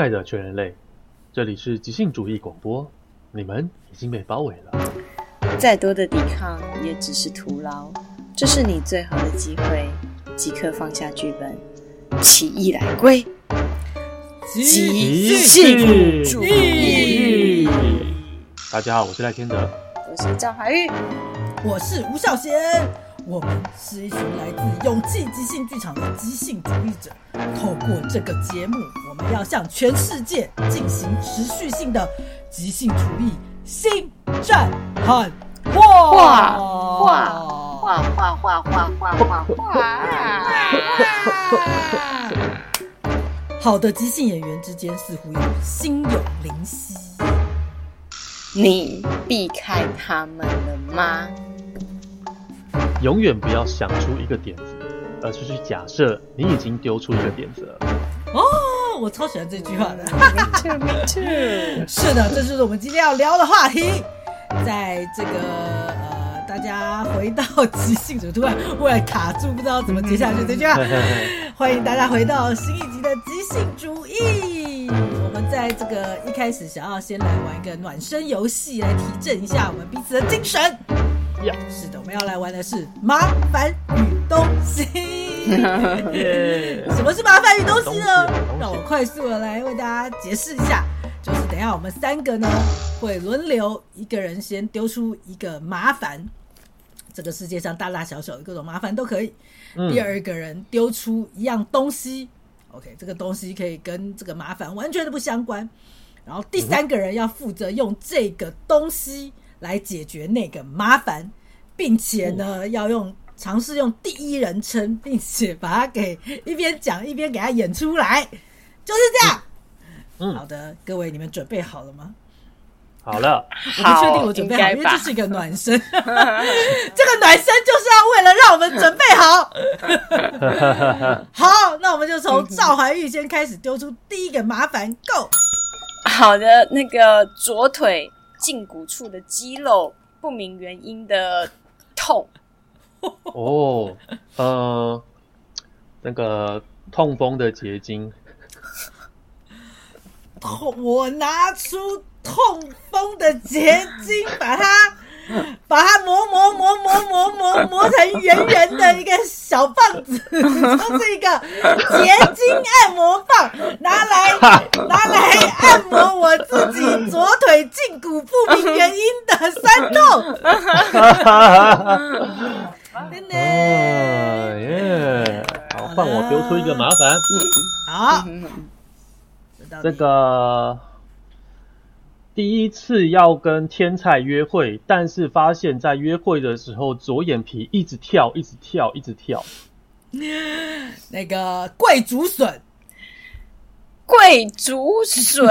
親愛的全人類，這裡是即興主義廣播，你們已經被包圍了。再多的抵抗也只是徒勞，這是你最好的機會，即刻放下劇本，起義來歸，即興主，主義。大家好，我是賴謙德，我是趙懷玉，我是吳效賢。我們是一群來自勇氣即興劇場的即興主義者。透過這個節目，我們要向全世界進行持續性的即興主義心戰喊話話話話話話話話話話話。好的，即興演員之間似乎有心有靈犀。你避開他們了嗎？永遠不要想出一個點子，而是去假設你已經丟出一個點子了。哦，我超喜歡這句話的。 是的，這就是我們今天要聊的話題。在這個呃，大家回到即興主義突然會卡住，不知道怎麼接下去這句話，嗯嘿嘿嘿。歡迎大家回到新一集的即興主義。我們在這個一開始想要先來玩一個暖身遊戲，來提振一下我們彼此的精神。Yeah. 是的，我們要來玩的是麻煩與東西。 Yeah . 什麼是麻煩與東西呢？啊東西啊東西。讓我快速的來為大家解釋一下，就是等下我們三個呢會輪流，一個人先丟出一個麻煩，這個世界上大大小小的各種麻煩都可以。第二個人丟出一樣東西，嗯、，OK，這個東西可以跟這個麻煩完全都不相關。然後第三個人要負責用這個東西。嗯來解決那個麻煩，並且呢，要用嘗試用第一人稱，並且把它給一邊講一邊給它演出來，就是這樣。嗯，好的、嗯，各位，你們準備好了嗎？好了， 我不確定我準備好，好，因為這是一個暖身， 這個暖身就是要為了讓我們準備好。 好，那我們就從趙懷玉先開始丟出第一個麻煩，Go。好的，那個左腿。脛骨處的肌肉不明原因的痛。 哦，呃，那個痛風的結晶。痛！我拿出痛風的結晶， 把它。把它磨磨磨磨磨磨磨，磨成圓圓的一個小棒子，這是一個結晶按摩棒，拿來拿來按摩我自己左腿脛骨不明原因的酸痛。真 的、 啊、好，換我丟出一個麻煩。好、嗯好，這，這個。第一次要跟天才約會，但是發現，在約會的時候，左眼皮一直跳，一直跳，一直跳。那個桂竹筍，桂竹筍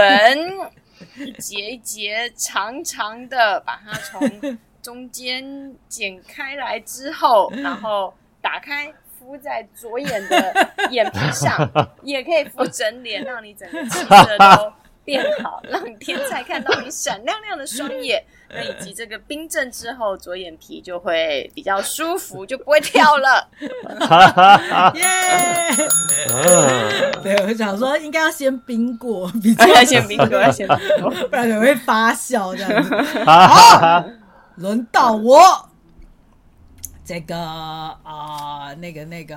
一 節，節長長的，把它從中間剪開來之後， 然後打開敷在左眼的眼皮上， 也可以敷整臉， 讓你整個都。變好，讓天才看到你閃亮亮的雙眼。 那以及這個冰鎮之後，左眼皮就會比較舒服，就不會跳了。耶！ Yeah ! Uh. 對，我想說，應該要先冰過，比較、就是 啊、先冰過， 不然就會發酵這樣子。 好，輪 到我。這個啊、呃，那個那個，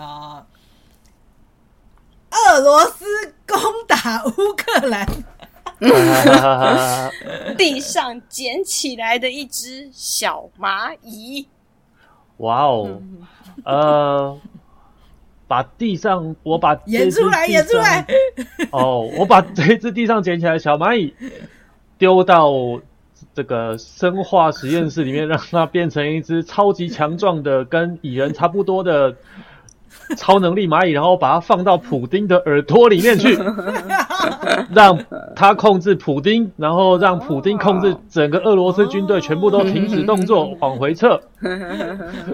俄羅斯攻打烏克蘭。 地上撿起來的一隻小螞蟻，哇哦！呃，把地上我把上演出來，演出來哦！我把這隻地上撿起來的小螞蟻丟到這個生化實驗室裡面，讓它變成一隻超級強壯的，跟蟻人差不多的。超能力螞蟻，然後把它放到普丁的耳朵裡面去，讓他控制普丁，然後讓普丁控制整個俄羅斯軍隊，全部都停止動作，oh. Oh. 往回撤。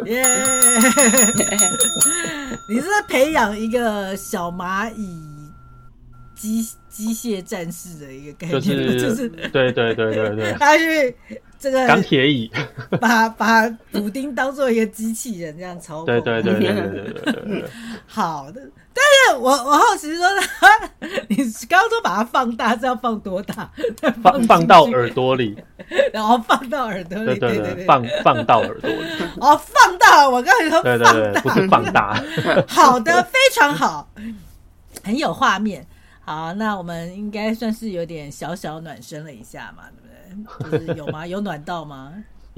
耶、yeah. 你是在培養一個小螞蟻機機械戰士的一個概念，就是、就是就是、對，對對對對對，他是。這個鋼鐵椅， 把把補丁當做一個機器人這樣操控 對對對對對對對，對。 好的，但是我我好奇說哈哈，你剛剛說把它放大，知道放多大？放放，放到耳朵裡，然 後、哦、放到耳朵裡，對對對，對，放放到耳朵裡。 哦，放大，我剛才說放大，對對對對不是放大。 好的，非常好，很有畫面。好，那我們應該算是有點小小暖身了一下嘛。 有嗎？有暖到嗎？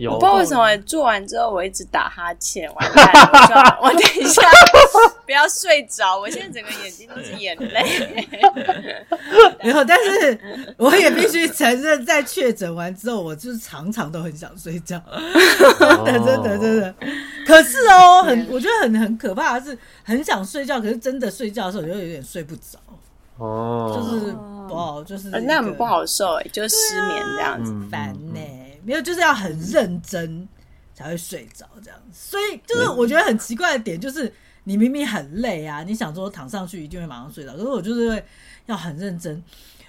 我不知道為什麼做完之後我一直打哈欠。完蛋我，我等一下不要睡着。我現在整個眼睛都是眼淚。然後，但是我也必須承認，在確診完之後，我就常常都很想睡覺。 oh. 真的真的可是哦、喔，很、yeah. 我覺得很很可怕的是，很想睡覺，可是真的睡覺的時候又有點睡不着。哦、oh，，就是不好，oh. 就是那很不好受哎、欸，就是失眠這樣子，煩呢、啊嗯欸嗯。沒有，就是要很認真才會睡着這樣子。所以，就是我覺得很奇怪的點，就是你明明很累啊、嗯，你想說躺上去一定會馬上睡着，可是我就是會要很認真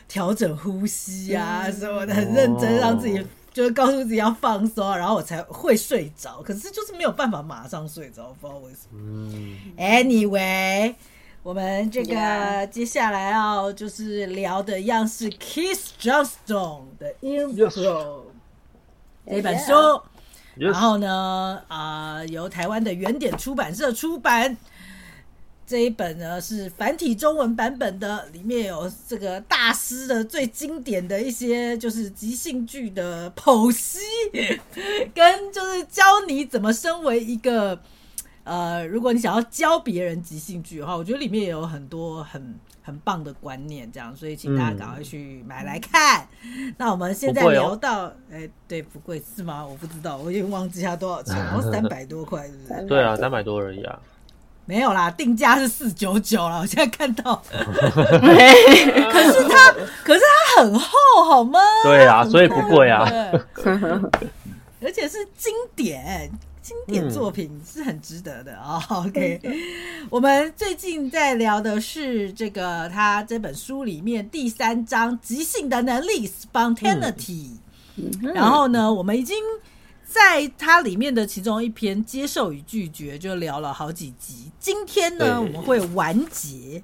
調整呼吸啊什麼的，很認真讓自己、oh. 就是告訴自己要放鬆、啊，然後我才會睡着。可是就是沒有辦法馬上睡着，不知道為什麼。嗯、Anyway。我們這個接下來哦、啊，yeah. 就是聊的樣式 Keith Johnstone 的《Impro》、yes. 這本書、yes. 然後呢，啊、呃，由台灣的原點出版社出版，這一本呢是繁體中文版本的，裡面有這個大師的最經典的一些，就是即興劇的剖析，yes. 跟就是教你怎麼身為一個。呃，如果你想要教別人即興劇的話，我覺得裡面也有很多很很棒的觀念，這樣，所以請大家趕快去買來看、嗯。那我們現在聊到，哎、哦欸，對，不貴是嗎？我不知道，我已經忘記它多少錢，然後三百多塊、啊、是不是？對啊，三百多而已啊。沒有啦，定價是四九九了。我現在看到， 可是它，可是它很厚，好嗎？對啊，所以不貴啊。對 而且是經典。經典作品是很值得的哦、嗯。OK、嗯、我們最近在聊的是這個，他這本書裡面第三章即興的能力 （spontaneity）、嗯。然後呢，嗯，我們已經在它裡面的其中一篇“接受與拒絕”就聊了好幾集。今天呢，對對對，我們會完結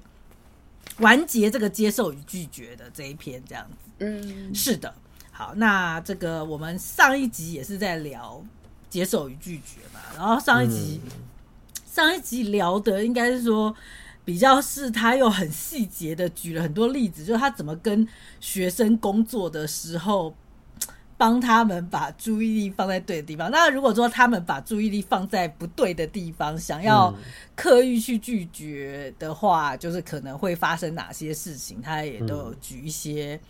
完結這個“接受與拒絕”的這一篇，這樣子。嗯，是的。好，那這個我們上一集也是在聊。接受與拒絕嘛，然後上一集、嗯、上一集聊的應該是說比較是他又很細節的舉了很多例子，就是他怎麼跟學生工作的時候幫他們把注意力放在對的地方。那如果說他們把注意力放在不對的地方，想要刻意去拒絕的話，嗯、就是可能會發生哪些事情？他也都有舉一些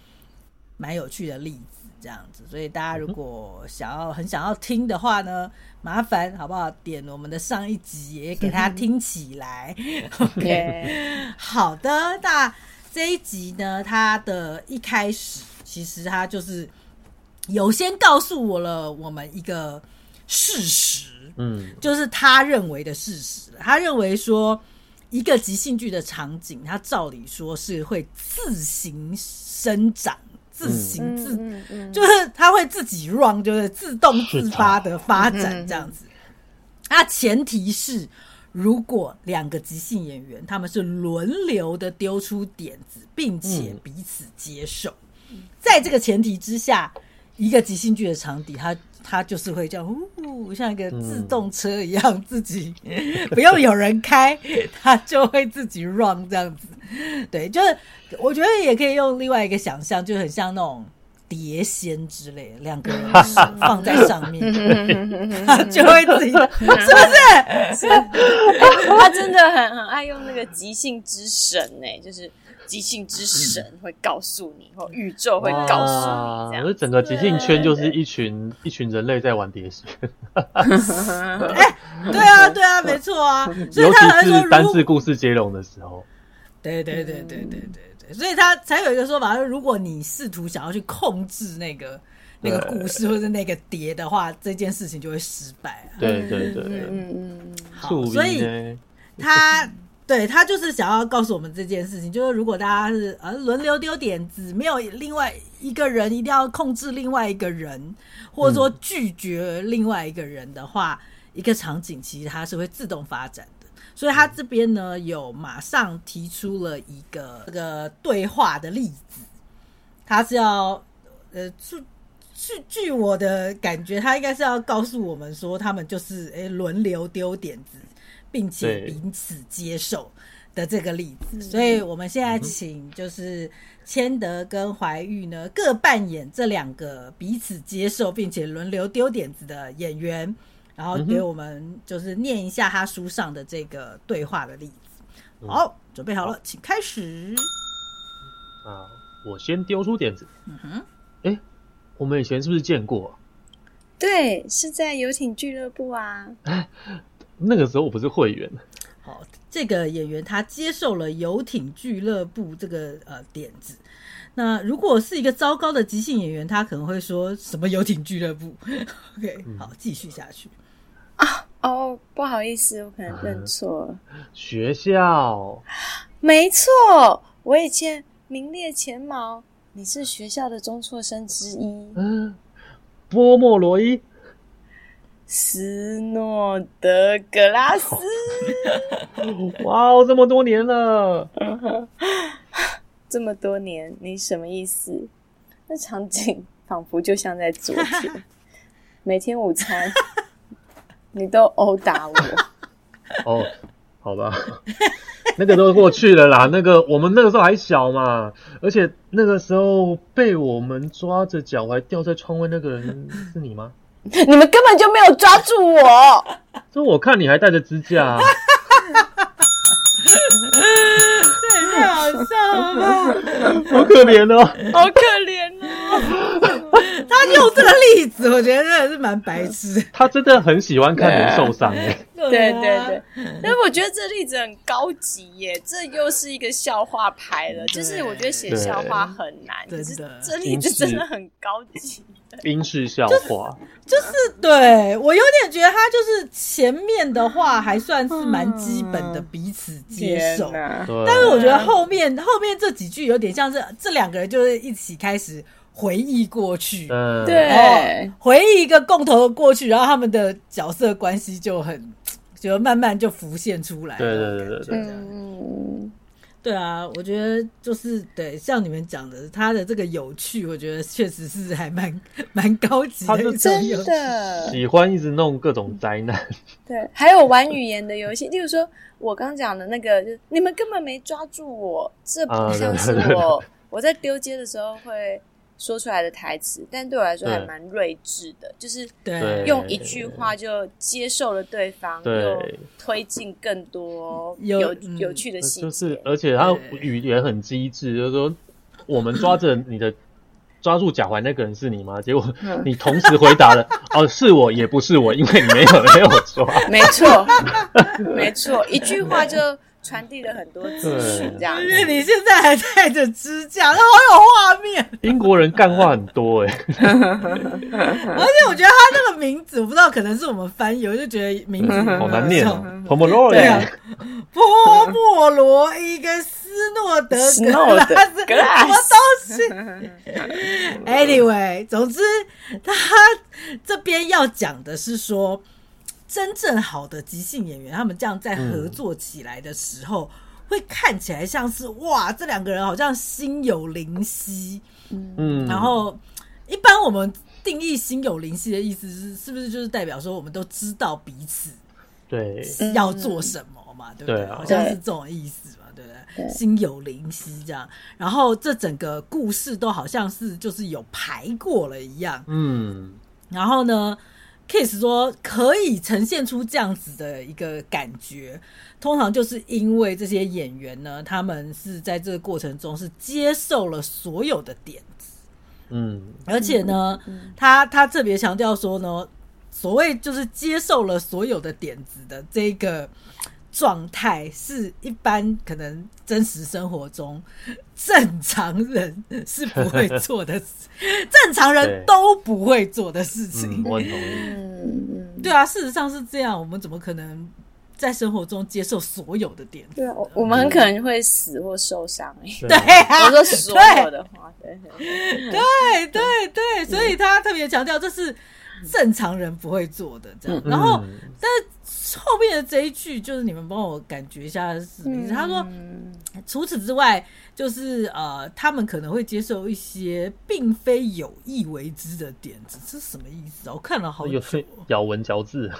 蠻有趣的例子。這樣子，所以大家如果想要、嗯、很想要聽的話呢，麻煩好不好？點我們的上一集也給他聽起來。呵呵 OK， 好的，那這一集呢，他的一開始其實他就是，有先告訴我了我們一個事實，嗯，就是他認為的事實，他認為說一個即興劇的場景，他照理說是會自行生長。自行自就是他會自己 run 就是自動自發的發展這樣子，啊，前提是如果兩個即興演員他們是輪流的丟出點子，並且彼此接受，在這個前提之下，一個即興劇的場地。他。他就是會這樣嗚、哦，像一個自動車一樣，嗯、自己不用有人開，他就會自己 run 這樣子。對，就是我覺得也可以用另外一個想象，就很像那種碟仙之類，兩個人放在上面， 他就會自己， 是不是？是 很很愛用那個即興之神呢、欸，就是即興之神會告訴你，或宇宙會告訴你，這樣。就是整個即興圈就是一群對對對一群人類在玩碟仙。哎、 欸，對啊，對啊，沒錯啊 所以他好像說。尤其是單字故事接龍的時候，對對對對對對對，所以他才有一個說法，如果你試圖想要去控制那個那個故事或者那個碟的話，這件事情就會失敗、啊。對對對，對，對，嗯嗯嗯，所以。他，對，他就是想要告訴我們這件事情，就是如果大家是呃、啊、輪流丟點子，沒有另外一個人一定要控制另外一個人，或者說拒絕另外一個人的話，嗯、一個場景其實它是會自動發展的。所以他這邊呢，有馬上提出了一個這個對話的例子，他是要呃據據據我的感覺，他應該是要告訴我們說，他們就是哎輪流丟點子。並且彼此接受的這個例子，所以我們現在請就是謙德跟懷玉呢、嗯，各扮演這兩個彼此接受並且輪流丟點子的演員，然後給我們就是念一下他書上的這個對話的例子。嗯、好，準備好了好，請開始。啊，我先丟出點子。嗯哼，哎、欸，我們以前是不是見過？對，是在遊艇俱樂部啊。那個時候我不是會員。好，這個演員他接受了遊艇俱樂部這個呃點子。那如果是一個糟糕的即興演員，他可能會說什麼遊艇俱樂部？OK，好，繼續下去。嗯啊、哦，不好意思，我可能認錯了、嗯。學校，沒錯，我以前名列前茅。你是學校的中輟生之一。嗯，波莫羅伊。斯諾德格拉斯，哇，哦，這麼多年了， 這麼多年，你什麼意思？那場景仿佛就像在昨天， 每天午餐你都毆打我。哦、oh,，好吧，那個都過去了啦。那個我們那個時候還小嘛，而且那個時候被我們抓着腳踝吊在窗外那個人是你嗎？你們根本就沒有抓住我！ 這我看你還帶着支架、啊。 對，那好笑哦。 好可憐憐哦， 好可憐憐哦。 他用這個例子，我覺得真的是蠻白痴。 他真的很喜歡看人受傷耶。 對，對對對。但我覺得這例子很高級耶，這又是一個笑話牌了。就是我覺得寫笑話很難，可是這例子真的很高級。英式、就是、笑話，就是、就是、對我有點覺得他就是前面的話還算是蠻基本的彼此接受。嗯、但是我覺得後面、嗯、後面這幾句有點像是這兩個人就是一起開始。回憶過去，對，回憶一個共同的過去，然後他們的角色關係就很，就慢慢就浮現出來了。對對對對，對，嗯，對啊，我覺得就是對，像你們講的，他的這個有趣，我覺得確實是還蠻蠻高級的，他是真的 喜歡一直弄各種災難，對，還有玩語言的遊戲， 例如說我剛，剛講的那個，就是你們根本沒抓住我，這不像是我，啊對對對對對，我在丟接的時候會。說出來的台詞，但對我來說還蠻睿智的，對，就是用一句話就接受了對方，對，推進更多有有、嗯、有趣的戲。就是，而且他語言很機智，就是說：“我們抓着你的抓住腳踝那個人是你嗎？” 結果你同時回答了：“ 哦，是我，也不是我，因為你沒有， 沒，有沒有抓，沒錯，沒錯，一句話就。”傳遞了很多資訊，這樣子。因為你現在還帶着支架，好有畫面。英國人幹話很多哎、欸， 而且我覺得他那個名字，我不知道可能是我們翻譯，我就覺得名字好、 哦、難念婆 波莫羅伊，波莫羅伊跟斯諾德格拉斯，什麼東西。Anyway，總之他這邊要講的是說。真正好的即興演員，他們這樣在合作起來的時候，嗯，會看起來像是哇，這兩個人好像心有靈犀。嗯，然後一般我們定義“心有靈犀”的意思是，是不是就是代表說我們都知道彼此對要做什麼嘛？對，對不對？嗯，好像是這種意思嘛？對不對？對，心有靈犀這樣，然後這整個故事都好像是就是有排過了一樣。嗯，然後呢？Keith 說可以呈現出這樣子的一個感覺，通常就是因為這些演員呢，他們是在這個過程中是接受了所有的點子，嗯，而且呢，嗯、他他特別強調說呢，所謂就是接受了所有的點子的這個。狀態是一般可能真實生活中正常人是不會做的， 正常人都不會做的事情、嗯。我同意。對啊，事實上是這樣。我們怎麼可能在生活中接受所有的點？對啊，我，我們很可能會死或受傷、欸嗯。對啊，我說所有的話，對對對，對，對，對，對，所以他特別強調，這是。正常人不會做的這樣，嗯嗯然後，但後面的這一句就是你們幫我感覺一下是什麼意思？嗯嗯他說，除此之外，就是呃，他們可能會接受一些並非有意為之的點子，這是什麼意思啊？我看了好，哦，有咬文嚼字，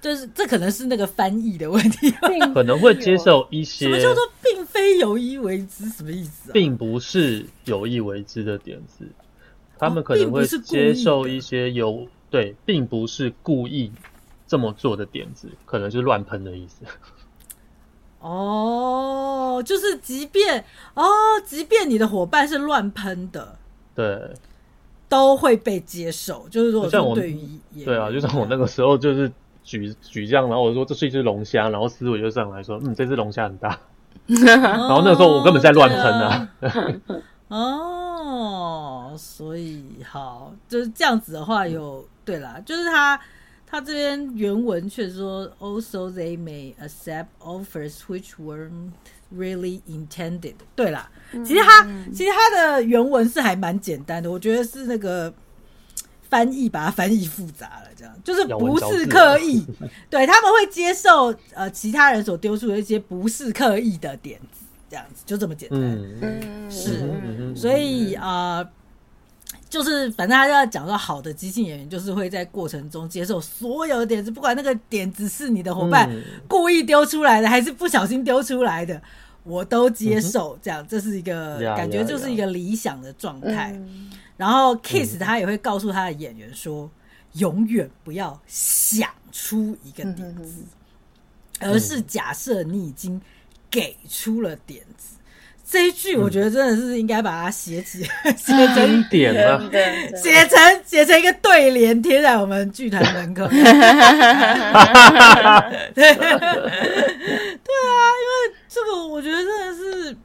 就是這可能是那個翻譯的問題，可能會接受一些什麼叫做並非有意為之，什麼意思啊？並不是有意為之的點子。他們可能會接受一些有、哦、對，並不是故意這麼做的點子，可能就是亂噴的意思。哦，就是即便哦，即便你的夥伴是亂噴的，對，都會被接受。就是說，像我對，對啊，就像我那個時候就是舉舉這樣，然後我說這是一隻龍蝦，然後思維就上來說，嗯，這隻龍蝦很大。哦、 然後那個時候我根本是在亂噴啊。啊 哦。哦、oh，所以好就是這樣子的話有，有、嗯、對啦，就是他他這邊原文卻說，Also they may accept offers which weren't really intended。對啦、嗯，其實他其實他的原文是還蠻簡單的，我覺得是那個翻譯把它翻譯複雜了，這樣就是不是刻意，對他們會接受呃其他人所丟出的一些不是刻意的點子。這樣子就這麼簡單，嗯、是，是、嗯嗯嗯，所以啊、呃，就是反正他就要講到好的即興演員就是會在過程中接受所有的點子，不管那個點子是你的夥伴、嗯、故意丟出來的，還是不小心丟出來的，我都接受。嗯、這樣，這是一個、嗯、感覺，就是一個理想的狀態、嗯嗯。然後，Keith 他也會告訴他的演員說，嗯、永遠不要想出一個點子，嗯、而是假設你已經。給出了點子，這一句我覺得真的是應該把它寫起，寫、嗯、成點啊，寫成寫、啊成，啊、成一個對聯，貼在我們劇團門口。對 對啊，因為這個我覺得真的是，這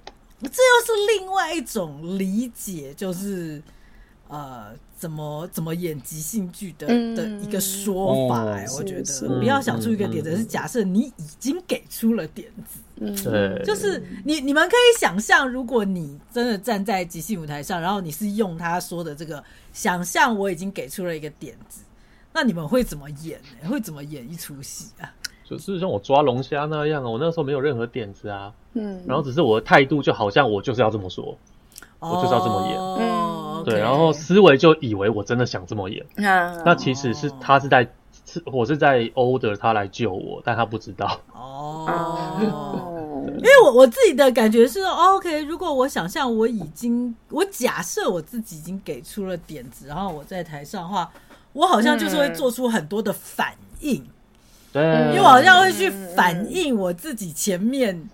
又是另外一種理解，就是呃。怎麼怎麼演即興劇的的一個說法哎、欸嗯，我覺得不要想出一個點子，嗯、是假設你已經給出了點子，對、嗯，就是你你們可以想象，如果你真的站在即興舞台上，然後你是用他說的這個想象，我已經給出了一個點子，那你們會怎麼演呢、欸？會怎麼演一出戲啊？就是像我抓龍蝦那樣啊，我那時候沒有任何點子啊，嗯，然後只是我的態度就好像我就是要這麼說。我就要這麼演，oh, okay. 對，然後思維就以為我真的想這麼演，oh, okay. 那其實是他是在，我是在 order 他來救我，但他不知道。哦、oh. 啊，因為我我自己的感覺是 OK，如果我想象我已經，我假設我自己已經給出了點子，然後我在台上的話，我好像就是會做出很多的反應，對、mm.，因為我好像會去反應我自己前面。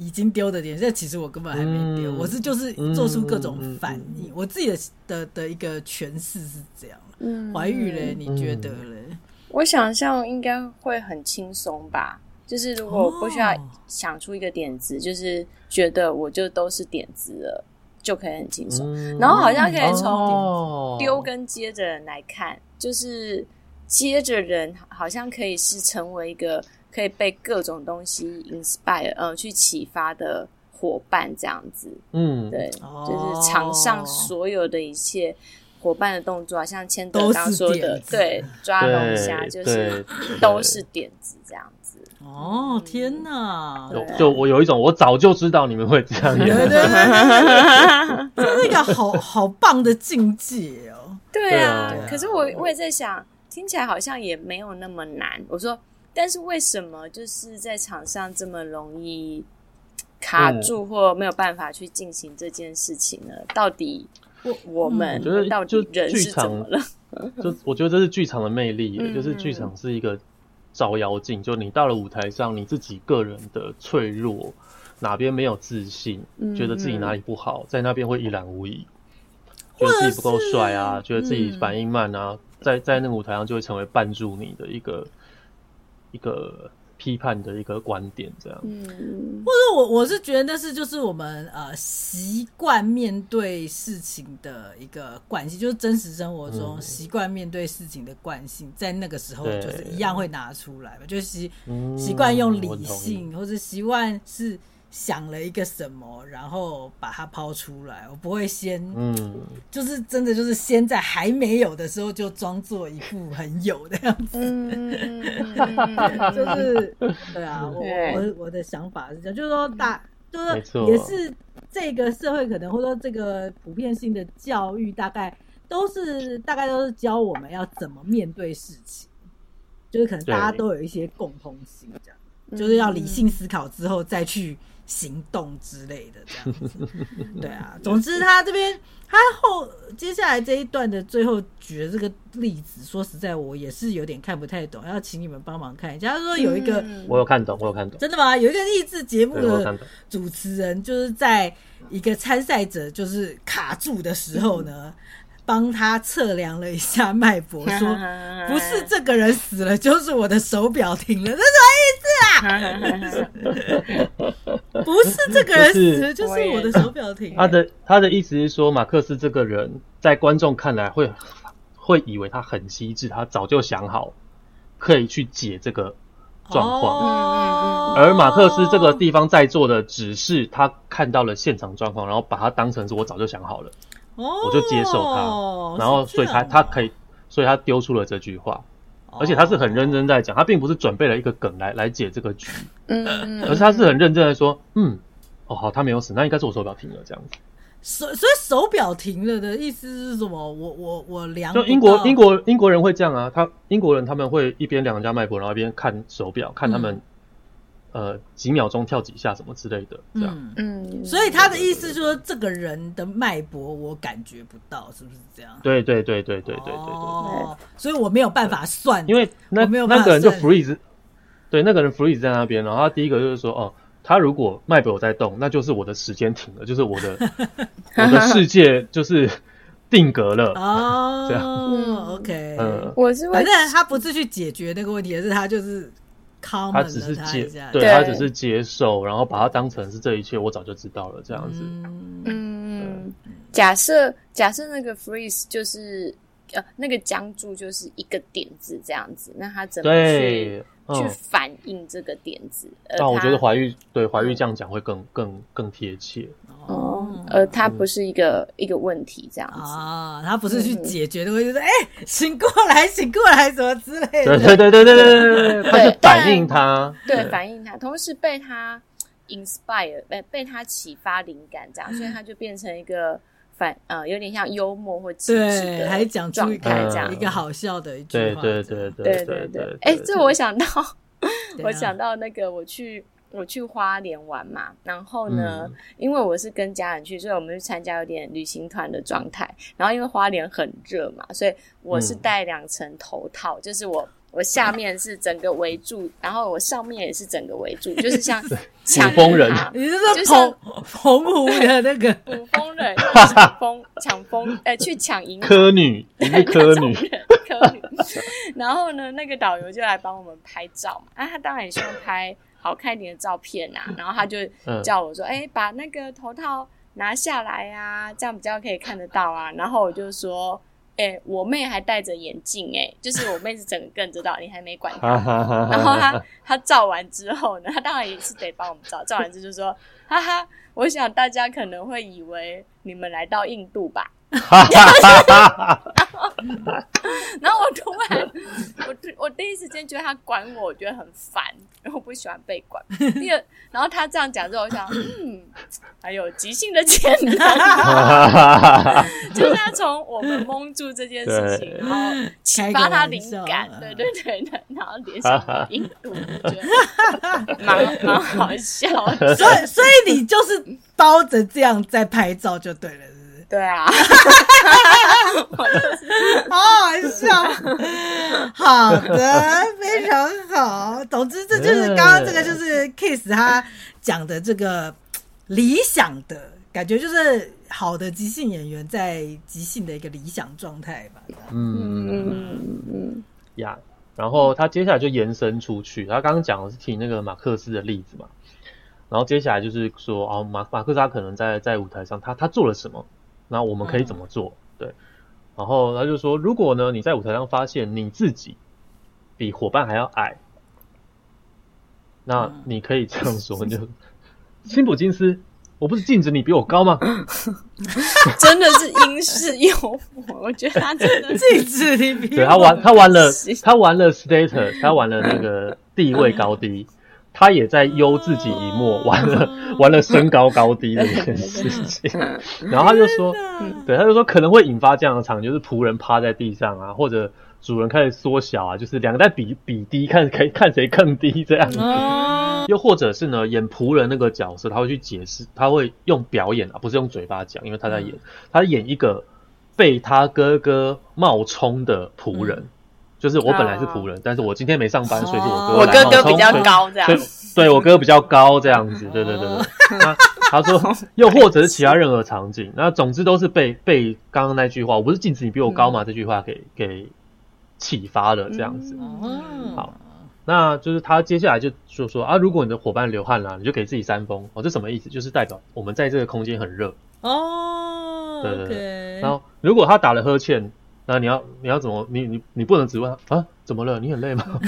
已經丟的點，這其實我根本還沒丟、嗯，我是就是做出各種反應，嗯嗯、我自己的的的一個詮釋是這樣。懷玉嘞，你覺得嘞、嗯？我想象應該會很輕鬆吧，就是如果不需要想出一個點子、哦，就是覺得我就都是點子了，就可以很輕鬆、嗯。然後好像可以從丟、哦、跟接着人來看，就是接着人好像可以是成為一個。可以被各種東西 inspire，嗯、呃，去啟發的伙伴這樣子，嗯，對，就是場上所有的一切伙伴的動作，像謙德剛剛說的，對，抓龍蝦就是對對對對，都是點子這樣子。哦，嗯、天哪！就我有一種，我早就知道你們會這樣演。 對對、啊、對，這是一個好好棒的境界哦、喔啊。對啊，可是我我也在想，聽起來好像也沒有那麼難。我說。但是為什麼就是在場上這麼容易卡住或沒有辦法去進行這件事情呢？嗯、到底我我們覺得、嗯、到底人是怎麼了？就是、就劇場、就我覺得這是劇場的魅力、嗯，就是劇場是一個照妖鏡、嗯，就你到了舞台上，你自己個人的脆弱哪邊沒有自信、嗯，覺得自己哪裡不好，嗯、在那邊會一覽無遺，覺得自己不夠帥啊、嗯，覺得自己反應慢啊，嗯、在在那個舞台上就會成為絆住你的一個。一個批判的一個觀點，這樣，嗯。或者我我是覺得那是就是我們呃習慣面對事情的一個慣性，就是真實生活中習慣面對事情的慣性，嗯，在那個時候就是一樣會拿出來吧，就習習慣用理性，嗯，或者習慣是。想了一個什麼，然後把它拋出來。我不會先，嗯，就是真的，就是先在還沒有的時候就裝作一副很有的樣子，嗯， 就是對啊，我我，我的想法，就是這樣，就是說大，就是也是這個社會可能會說這個普遍性的教育，大概都是大概都是教我們要怎麼面對事情，就是可能大家都有一些共通性這樣，就是要理性思考之後再去。行動之類的這樣，對啊。總之，他這邊他後接下來這一段的最後舉的這個例子，說實在我也是有點看不太懂，要請你們幫忙看一下。假如說有一個，我有看懂，我有看懂。真的嗎？有一個益智節目的主持人，就是在一個參賽者就是卡住的時候呢。幫他測量了一下脈搏，說：“ 不是這個人死了，就是我的手表停了，這什麼意思啊？” 不是這個人死了，就是，就是我的手表停了。他的他的意思是說，馬克思這個人，在觀眾看來會會以為他很機智，他早就想好可以去解這個狀況。哦。而馬克思這個地方在座的只是他看到了現場狀況，然後把它當成是我早就想好了。我就接受他，oh, 然後所以他、啊、他可以，所以他丟出了這句話，oh. 而且他是很認真在講，他並不是準備了一個梗，來來解這個局，嗯，可是他是很認真的說，嗯，哦好，他沒有死，那應該是我手錶停了這樣子。所所以手錶停了的意思是什麼？我我我量，就英國英國英國人會這樣啊，他英國人他們會一邊量人家脈搏，然後一邊看手錶，看他們。嗯呃，幾秒鐘跳幾下，什麼之類的，嗯、這樣。嗯，所以他的意思就是說，這個人的脈搏我感覺不到，是不是這樣？對對對對對對對對，對，對，對，對哦。哦，所以我沒有辦法算、嗯，因為那沒有辦法那個人就 freeze，對，那個人 freeze 在那邊，然後他第一個就是說，哦，他如果脈搏有在動，那就是我的時間停了，就是我的 我的世界就是定格了。 哦，這樣。嗯、okay、嗯、我是反正他不是去解決那個問題，而是他就是。他只是接，對，對他只是接受，然後把它當成是這一切，我早就知道了這樣子。嗯，假設假設那個 freeze 就是呃，那個僵住就是一個點子這樣子，那他怎麼去反映這個點子，但、嗯啊、我覺得懷玉對懷玉這樣講會更更更貼切哦，呃、嗯，它不是一個、嗯、一個問題這樣子啊、哦，他不是去解決的，會覺得，哎、欸、醒過來醒過來什麼之類的，對對對對對對 對，他就反映他，對，對，對反映他，同時被他 inspire 被、呃、被他啟發靈感這樣，所以他就變成一個。 反、呃，有點像幽默或雞雞的，對，還講狀態這樣。一個好笑的一句話，對，對，對，對，對，對，對，對，對，對，對，對。哎、欸，這我想到，對，對，對 我想到那個，啊、我去我去花蓮玩嘛，然後呢、嗯，因為我是跟家人去，所以我們去參加有點旅行團的狀態。然後因為花蓮很熱嘛，所以我是戴兩層頭套、嗯，就是我。我下面是整個圍住，然後我上面也是整個圍住，就是像搶風人， 人，你、就、這是澎湖的那個捕 風人，搶風搶風呃，去搶銀，柯女迎柯女柯女。 柯女柯女 然後呢，那個導遊就來幫我們拍照嘛，啊，他當然也希望拍好看一點的照片啊，然後他就叫我說，哎、嗯欸，把那個頭套拿下來啊，這樣比較可以看得到啊，然後我就說。哎，我妹還戴着眼鏡，哎，就是我妹是整個更知道，你還沒管她。 然後她她照完之後呢，她當然也是得幫我們照。照完之後就說，哈哈，我想大家可能會以為你們來到印度吧。哈哈哈！然後我突然，我我第一時間覺得他管我，我覺得很煩，然後我不喜歡被管。第 二，然後他這樣講之後，我想，嗯，還、哎、有即興的艱難， 就是他從我們蒙住這件事情，然後啟發他靈感對，對對對然後聯想印度，我覺得蠻蠻 滿 好笑的。 所以，所以你就是包着這樣在拍照就對了。對啊， 好好笑，好的，非常好。總之，這就是剛剛這個就是 Keith 他講的這個理想的感覺，就是好的即興演員在即興的一個理想狀態吧。嗯嗯嗯。呀、yeah，然後他接下來就延伸出去，他剛剛講的是聽那個馬克思的例子嘛，然後接下來就是說哦馬馬克思他可能在在舞台上，他他做了什麼？那我們可以怎麼做、嗯？對，然後他就說：“如果呢，你在舞台上發現你自己比伙伴還要矮，那你可以這樣說：嗯、你就辛普金斯，我不是禁止你比我高嗎？” 真的是英式幽默， 我覺得他真的禁止你比我高。 對，他玩，他玩了，他玩了 status，他玩了那個地位高低。他也在幽自己一默，玩了玩了身高高低的一件事情， 然後他就說，對，他就說可能會引發這樣的場景，就是僕人趴在地上啊，或者主人開始縮小啊，就是兩個在比比低，看可以看誰更低這樣子，又或者是呢，演僕人那個角色，他會去解釋，他會用表演啊，不是用嘴巴講，因為他在演，他演一個被他哥哥冒充的僕人。嗯就是我本來是僕人、啊，但是我今天沒上班，所以是我哥。我哥哥比較高這樣。對，我哥比較高這樣子。對對對對。那他說，又或者是其他任何場景， 那總之都是被被剛剛那句話“我不是禁止你比我高嘛”嗯、這句話給給啟發了。這樣子嗯。嗯。好，那就是他接下來就就說啊，如果你的伙伴流汗了，你就可以自己扇風。哦，這什麼意思？就是代表我們在這個空間很熱。哦。對,對,對、okay。然後，如果他打了呵欠。那你要你要怎麼你你你不能只問他啊怎麼了你很累嗎？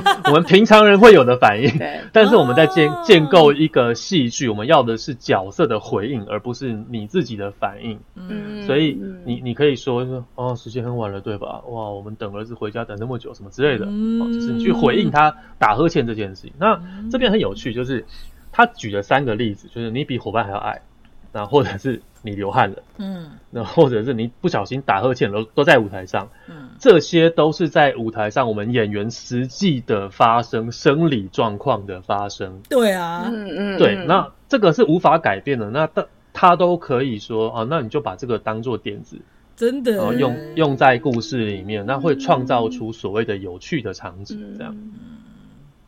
我們平常人會有的反應，但是我們在建、哦、建構一個戲劇，我們要的是角色的回應，而不是你自己的反應。嗯，所以你你可以說說哦、啊，時間很晚了，對吧？哇，我們等兒子回家等那麼久，什麼之類的，嗯啊、就是你去回應他打呵欠這件事情。那、嗯、這邊很有趣，就是他舉了三個例子，就是你比夥伴還要矮，那、啊、或者是。你流汗了，嗯，那或者是你不小心打呵欠，都都在舞台上，嗯，這些都是在舞台上我們演員實際的發生生理狀況的發生，對啊，嗯嗯，對、嗯，那這個是無法改變的，那他他都可以說啊，那你就把這個當做點子，真的，然、啊、後用用在故事裡面，那會創造出所謂的有趣的場景，這樣，嗯、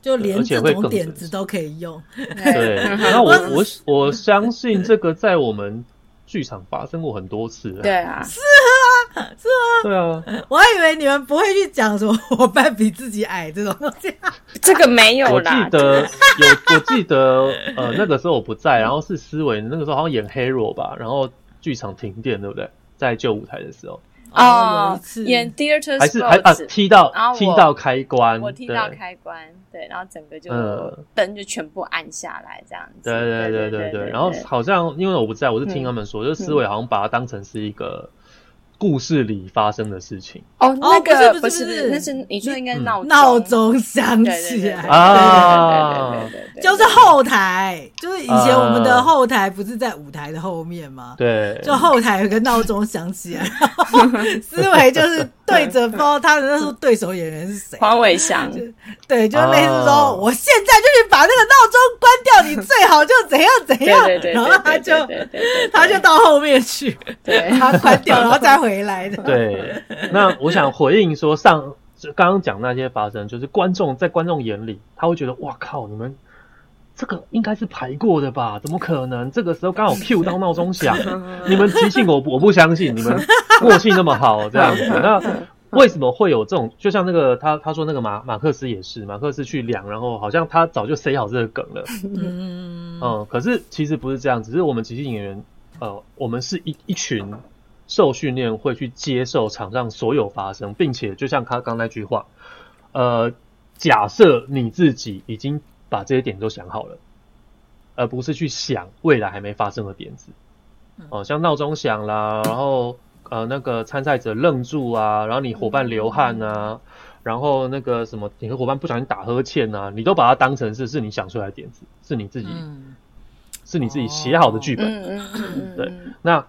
就連什麼點子都可以用， 對，那我我我相信這個在我們。劇場發生過很多次，對啊，是啊，是啊，對啊，我還以為你們不會去講什麼夥伴比自己矮這種東西，這個沒有啦。我記得 有，我記得呃，那個時候我不在，然後是思維，那個時候好像演 Hero 吧，然後劇場停電，對不對？在舊舞台的時候。哦、oh, oh,，演 theater 還是還啊？踢到，然後踢到開關我，我踢到開關，對，對，然後整個就呃，燈就全部暗下來，這樣子、嗯對對對對對。對對對對對。然後好像因為我不在，我是聽他們說，嗯、就思維好像把它當成是一個。嗯故事裡發生的事情哦，oh, oh, 那個不是，不是，不，是不是，那是你說應該是鬧鬧鐘響起來啊，對對對對，oh. 對，對對對對對，就是後台，oh. 就是以前我們的後台不是在舞台的後面嗎？對、oh. 就後台有個鬧鐘響起來， 思維就是對着包，他的那個對手演員是誰？ 黃煒翔祥， 對，就意、是、思說、oh. 我現在就是把那個鬧鐘關掉，你最好就怎樣怎樣，然後他就他就到後面去， 對他關掉，然後再回。回來的對，那我想回應說上，上剛剛講那些發生，就是觀眾在觀眾眼裡，他會覺得哇靠，你們這個應該是排過的吧？怎麼可能？這個時候剛好 Q 到鬧鐘響， 你們即興我，我不相信你們默契那麼好，這樣子。 那為什麼會有這種？就像那個他他說那個馬馬克思也是馬克思去量，然後好像他早就塞好這個梗了。嗯嗯嗯。嗯，可是其實不是這樣，只是我們即興演員，呃，我們是一一群。受訓練會去接受場上所有發生，並且就像他剛那句話，呃，假設你自己已經把這些點都想好了，而不是去想未來還沒發生的點子。哦、呃，像鬧鐘響啦，然後呃，那個參賽者愣住啊，然後你夥伴流汗啊，嗯、然後那個什麼，你的夥伴不小心打呵欠啊，你都把它當成是是你想出來的點子，是你自己，嗯、是你自己寫好的劇本。嗯、 對，那。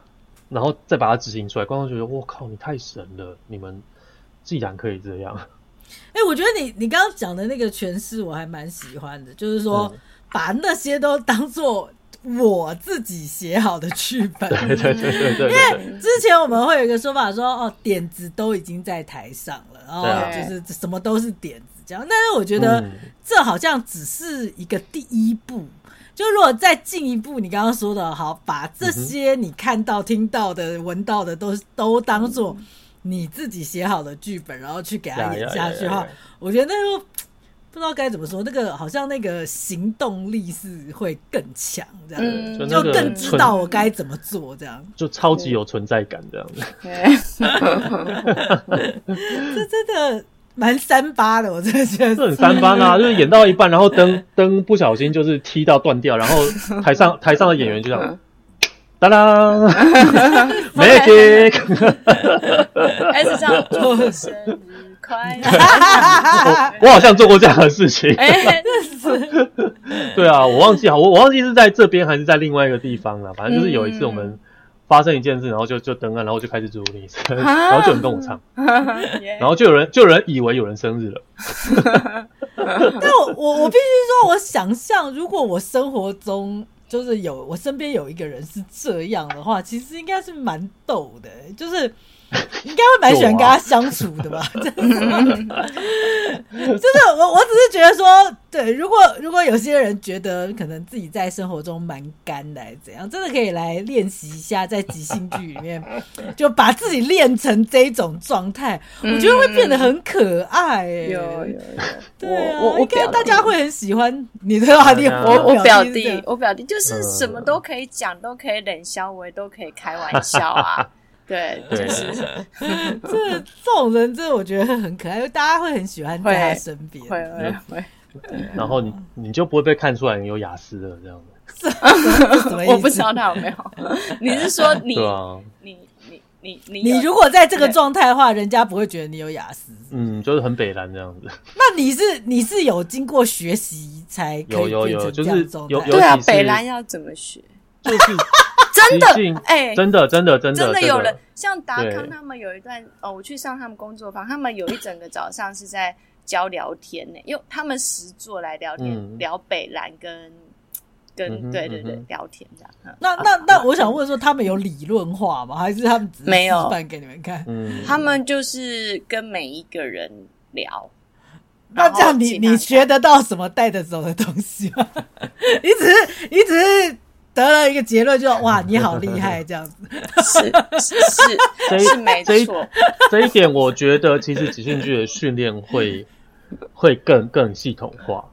然後再把它執行出來，觀眾覺得我靠，你太神了！你們竟然可以這樣，哎、欸，我覺得你你剛剛講的那個詮釋我還蠻喜歡的，就是說把那些都當做我自己寫好的劇本。對對對對。因為之前我們會有一個說法說，哦，點子都已經在台上了，然後就是什麼都是點子這樣。啊、但是我覺得這好像只是一個第一步。就如果再進一步，你剛剛說的好，把這些你看到、聽到的、聞到的都、嗯，都都當做你自己寫好的劇本，然後去給他演下去哈。我覺得那時候不知道該怎麼說，那個好像那個行動力是會更強這樣、嗯、就更知道我該怎麼做這樣就，就超級有存在感這樣子。嗯、 這真的。蠻三八的，我這件事。這很三八啊，就是演到一半，然後燈燈不小心就是踢到斷掉，然後台上台上的演員就這樣，當當，magic，還是這樣，祝生日快樂。我好像做過這樣的事情，哎，真是。對啊，我忘記啊，我我忘記是在這邊還是在另外一個地方了。反正就是有一次我們、嗯。發生一件事，然後就就登案，然後就開始祝福你，然後就有人跟我唱， 然後就有人、, yeah. 就,有人就有人以為有人生日了。 但我我我必須說，我想象如果我生活中就是有 我身邊有一個人是這樣的話，其實應該是蠻逗的，就是。應該會蠻喜歡跟他相處的吧？啊、 真的，我我只是覺得說，對，如果如果有些人覺得可能自己在生活中蠻乾的怎樣，真的可以來練習一下，在即興劇裡面 就把自己練成這種狀態，嗯，我覺得會變得很可愛，欸。有有有，有，對、啊、我我覺得，大家會很喜歡你的話表弟，我我表弟，我表弟就是什麼都可以講，都可以冷笑我也都可以開玩笑啊。 對，就是對 這這種人，真的我覺得很可愛，因為大家會很喜歡在他身邊，會會會。然後你你就不會被看出來有雅思的這樣子？我不知道他有沒有。你是說你？你你你你如果在這個狀態的話，人家不會覺得你有雅思。是是嗯，就是很北爛這樣子。那你是你是有經過學習才可以可以？有有有，就是有有對啊，北爛要怎麼學？就是。 真的哎、欸，真的真的真的真的有人像達康他們有一段哦，我去上他們工作坊，他們有一整個早上是在教聊天呢、欸，因為他們實作來聊天、嗯、聊北爛跟跟、嗯、對對對、對、嗯、聊天這樣。嗯、那、嗯、那那、那我想問說，他們有理論化嗎？還是他們沒有？示範給你們看，他們就是跟每一個人聊。嗯、人那這樣你你學得到什麼帶得走的東西嗎？你只是你只是。得了一個結論，就哇，你好厲害這樣子，對對對對 是是是， 是，是沒錯。這一點我覺得，其實即興劇的訓練會 會更更系統化。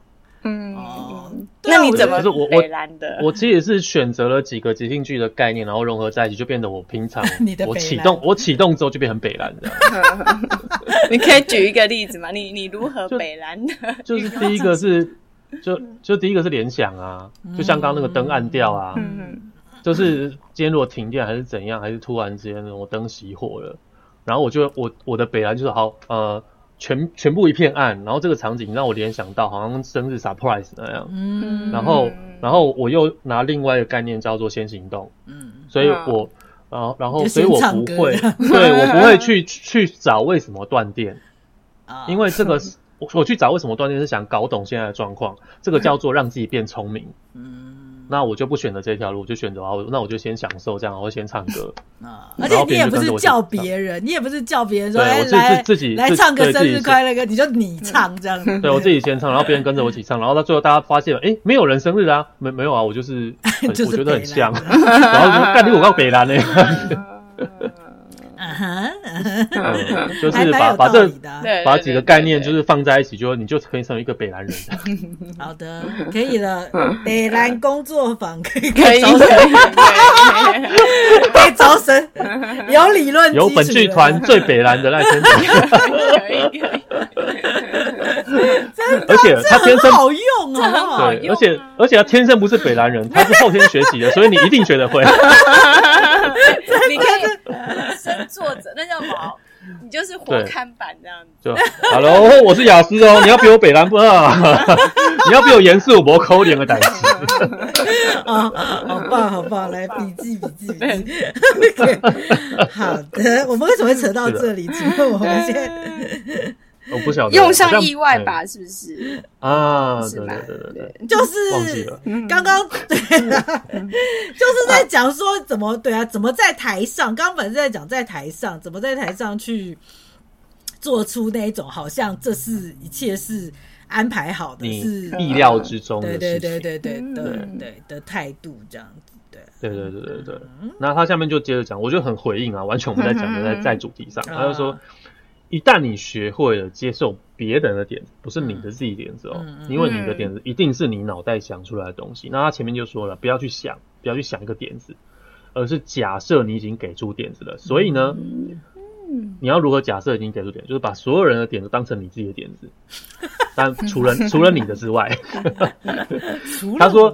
嗯，oh, 那你怎麼北爛的？可是我、我、我，我其實也是選擇了幾個即興劇的概念，然後融合在一起，就變得我平常 我啟動我啟動之後就變成北爛的。 你可以舉一個例子嗎？你你如何北爛的？就是第一個是。 就就第一個是聯想啊，就像剛剛那個燈暗掉啊、嗯，就是今天如果停電還是怎樣，還是突然之間我燈熄火了，然後我就我我的北爛就是好呃全全部一片暗，然後這個場景讓我聯想到好像生日 surprise 那樣，嗯，然後然後我又拿另外一個概念叫做先行動，嗯，所以我、啊、然後然後所以我不會 對我不會去去找為什麼斷電、啊、因為這個是。我我去找為什麼鍛鍊是想搞懂現在的狀況，這個叫做讓自己變聰明。嗯，那我就不選擇這條路，我就選擇啊，那我就先享受這樣，我先唱歌。啊、嗯，而且你也不是叫別人，你也不是叫別人說，哎、欸，來自己來唱歌生日快樂歌，你就你唱這樣子。對我自己先唱，然後別人跟着我一起唱，然後到最後大家發現，哎、欸，沒有人生日啊，沒有沒有啊，我就是， 就是 我覺得很像， 然後乾脆我告北爛那個。 嗯、就是把、啊、把這把幾個概念就是放在一起，就說你就可以成為一個北爛人。 好的，可以了。北爛工作坊可以 可以，可以招生，有理論、有本劇團最北爛的那，天可以可以。 而且他天生好用，啊，哦，對，而且而且他天生不是北爛人，嗯，他是後天學習的， 所以你一定學得會。哈哈你看，先坐著那叫毛，你就是活看板這樣子。Hello，我是雅思哦，你要比我北爛不？ 你要比我嚴肅我摸多一點摳臉的膽氣好棒，好 棒，uh, right, right, right,！來筆記，筆 記 okay. okay. Okay .，筆對記。好的胡舒服，我們為什麼會扯到這裡？請問我們現在 笑 Jamie 我不曉得，用上意外吧？欸啊、是不是啊？對對對對，就是剛剛對， 就是在講說怎麼對啊？怎麼在台上？剛、啊、本身在講在台上，怎麼在台上去做出那一種好像這是一切是安排好的是，是意料之中的事情、嗯。對對對對對對對的態度這樣子對、嗯，對對對對對對。那他下面就接着講，我就很回應啊，完全我們在講在、嗯、在主題上。他就說。啊一旦你學會了接受別人的點子，不是你的自己點子哦，嗯、因為你的點子一定是你腦袋想出來的東西、嗯。那他前面就說了，不要去想，不要去想一個點子，而是假設你已經給出點子了。嗯、所以呢、嗯，你要如何假設已經給出點子，就是把所有人的點子當成你自己的點子，但除了 除了你的之外， 了人 他說、哦，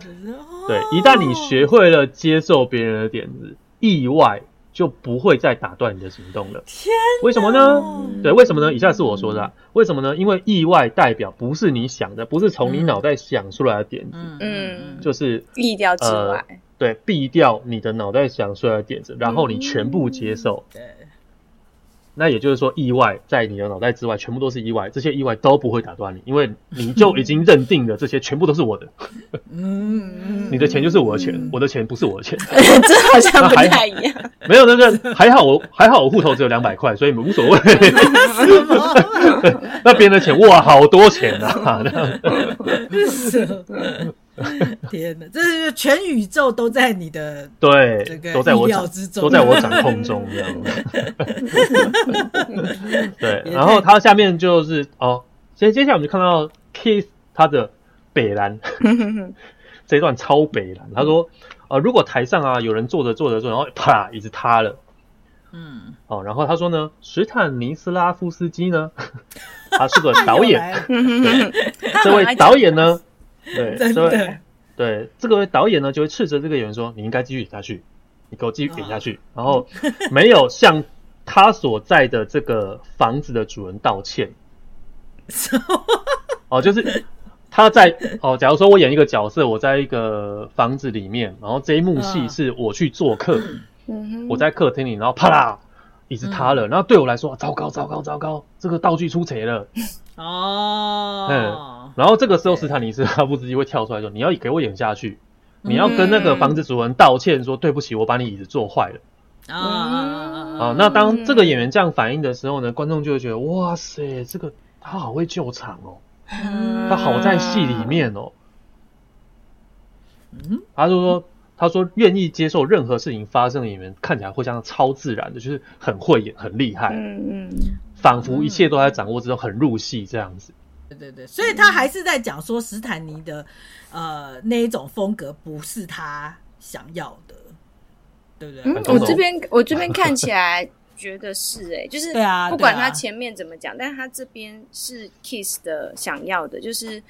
對，一旦你學會了接受別人的點子，意外，就不會再打斷你的行動了。天，為什麼呢？對，為什麼呢？以下是我說的，嗯、為什麼呢？因為意外代表不是你想的，不是從你腦袋想出來的點子，嗯，就是避掉意外，呃，對，避掉你的腦袋想出來的點子，然後你全部接受。嗯對那也就是說，意外在你的腦袋之外，全部都是意外。這些意外都不會打斷你，因為你就已經認定了這些全部都是我的。 嗯，你的錢就是我的錢，嗯、我的錢不是我的錢。 欸、這好像不太一樣。沒有那個還好，我、那個、還好我，還好我戶頭只有兩百塊，所以無所謂。 什麼 那邊的錢，哇，好多錢啊！哈 哈。這樣 天哪！這是全宇宙都在你的對這個意料之中，都在我， 都在我掌控中，這樣 對，然後他下面就是哦，接接下來我們就看到 Keith 他的北爛 這一段超北爛。 他說：“呃，如果台上啊有人坐着坐着坐著，然後啪椅子塌了，嗯，哦，然後他說呢，斯坦尼斯拉夫斯基呢， 他是個導演， 對，這 位導演呢。”對，所以對這個導演呢，就會斥責這個演員說：“你應該繼續演下去，你給我繼續演下去。Oh. ”然後沒有向他所在的這個房子的主人道歉。So... 哦，就是他在哦。假如說我演一個角色，我在一個房子裡面，然後這一幕戲是我去做客，oh. 我在客廳裡，然後啪啦，oh. 椅子塌了。然後對我來說、啊，糟糕，糟糕，糟糕，這個道具出醜了。哦、oh.。然後這個時候，斯坦尼斯拉夫斯基會跳出來說：“你要給我演下去，你要跟那個房子主人道歉，說對不起，我把你椅子坐壞了。”啊啊啊！啊，那當這個演員這樣反應的時候呢，觀眾就會覺得：“哇塞，這個他好會救場哦，他好在戲裡面哦。”嗯，他就說：“他說願意接受任何事情發生的演員看起來會像超自然的，就是很會演，很厲害，嗯，仿佛一切都在掌握之中，很入戲這樣子。”對對對，所以他還是在講說斯坦尼的，呃，那一種風格不是他想要的，對不對，對、嗯嗯？我這邊、嗯、我這邊看起來覺得是哎、欸， 就是不管他前面怎麼講、對啊，但是他這邊是 Keith 的想要的，就是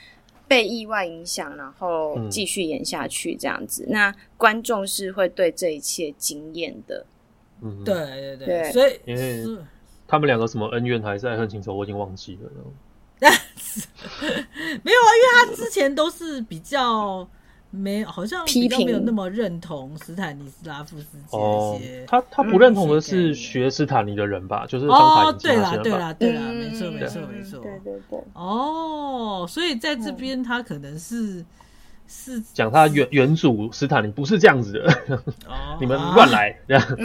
被意外影響，然後繼續演下去這樣子。嗯、那觀眾是會對這一切驚艷的，嗯，對對對，對，所以他們兩個什麼恩怨還是愛恨情仇，我已經忘記了。 但是，沒有啊，因為他之前都是比較沒好像批評沒有那麼認同斯坦尼斯拉夫斯基。哦，他他不認同的是學斯坦尼的人吧？嗯、就是哦、嗯，對啦，對啦，對啦，沒錯、嗯，沒錯，沒錯，對，對對對。哦，所以在這邊他可能是、嗯、是講他原原主斯坦尼不是這樣子的 哦， 你們亂來、啊、這樣。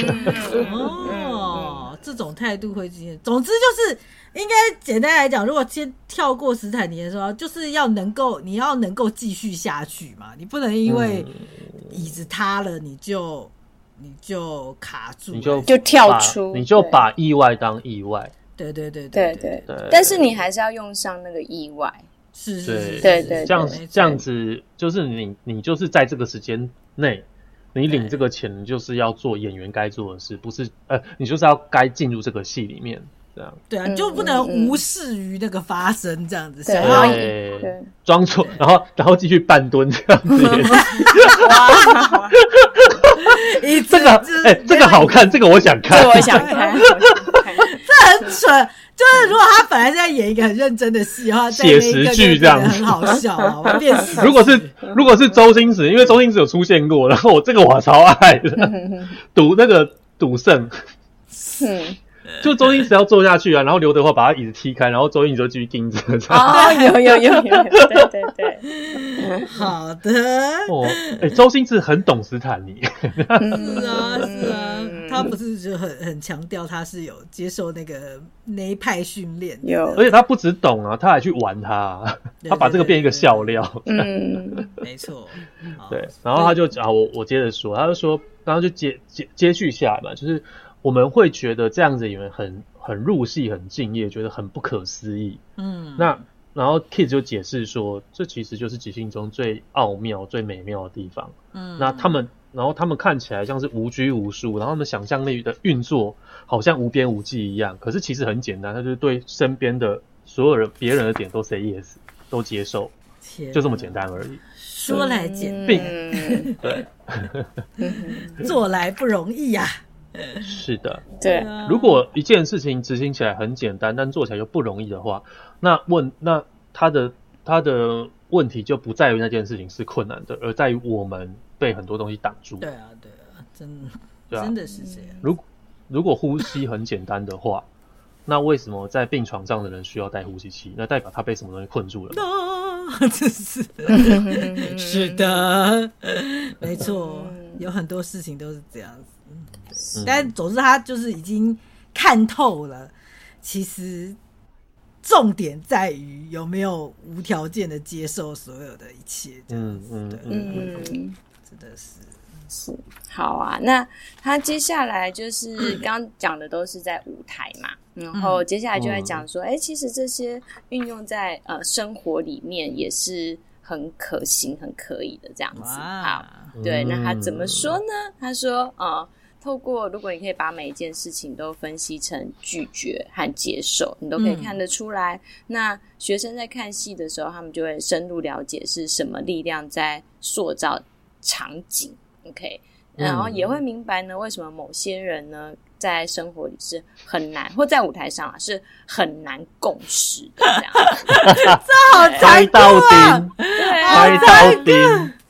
嗯 哦這種態度會進行，總之就是應該簡單來講，如果先跳過斯坦尼的時候，就是要能夠，你要能夠繼續下去嘛，你不能因為椅子塌了，嗯、你就你就卡住，你就跳出，你就把意外當意外，對對對對對、對、對、對、對、對、對、對、對，但是你還是要用上那個意外，是是是、是對、對、對對，這樣子對對對這樣子，就是你你就是在這個時間內。你領這個錢，就是要做演員該做的事，不是？呃，你就是要該進入這個戲裡面，這樣。對啊，你就不能無視於那個發生這樣子。嗯嗯、對，裝錯，然後然後繼續半蹲這樣子。哈 哇 這個，哎、欸，這個好看，這個我想看，這個我想看， 想看 這很蠢。就是如果他本來是在演一個很認真的戲，寫實劇這樣子，很很好笑啊， 如果是如果是周星馳，因為周星馳有出現過，然後我這個我超愛的賭 那個賭聖， 就周星馳要坐下去啊，然後劉德華把他椅子踢開，然後周星馳就繼續盯着。哦、 oh，有，有有有，對對對， 好的。哦，哎，周星馳很懂斯坦尼。是啊。他不是就很很強調他是有接受那個那一派訓練，有、嗯，而且他不止懂啊，他還去玩他、啊，對對對對 他把這個變一個笑料。嗯， 沒錯，對。然後他就啊，我我接着說，他就說，然後就接接接續下來嘛，就是我們會覺得這樣子很很入戲、很敬業，覺得很不可思議。嗯，那然後 Keith 就解釋說，這其實就是即興中最奧妙、最美妙的地方。嗯，那他們。然後他們看起來像是無拘無束，然後他們想象力的運作好像無邊無際一樣。可是其實很簡單，他就是對身邊的所有人、別人的點都 say yes，都接受，就這麼簡單而已。說來簡單，並，對，嗯、 做來不容易呀、啊。是的，對、啊。如果一件事情執行起來很簡單，但做起來又不容易的話，那問那他的他的問題就不在於那件事情是困難的，而在於我們。被很多東西擋住。對啊，對啊，真的啊，真的是這樣。如果如果呼吸很簡單的話， 那為什麼在病床上的人需要戴呼吸器？那代表他被什麼東西困住了？真、啊、是是的， 是的 是的 沒錯，有很多事情都是這樣子。嗯、但總之，他就是已經看透了。其實重點在於有沒有無條件的接受所有的一切的。嗯嗯嗯。嗯是好啊，那他接下來就是剛剛講的都是在舞台嘛， 然後接下來就在講說，哎、嗯欸，其實這些運用在呃生活裡面也是很可行、很可以的這樣子。好，對，那他怎麼說呢？嗯、他說，哦、呃，透過如果你可以把每一件事情都分析成拒絕和接受，你都可以看得出來。嗯、那學生在看戲的時候，他們就會深入了解是什麼力量在塑造。場景，OK，然後也會明白呢，為什麼某些人呢在生活裡是很難，或在舞台上啊是很難共識的這樣。 這好猜、啊、對、啊，猜對、啊，刀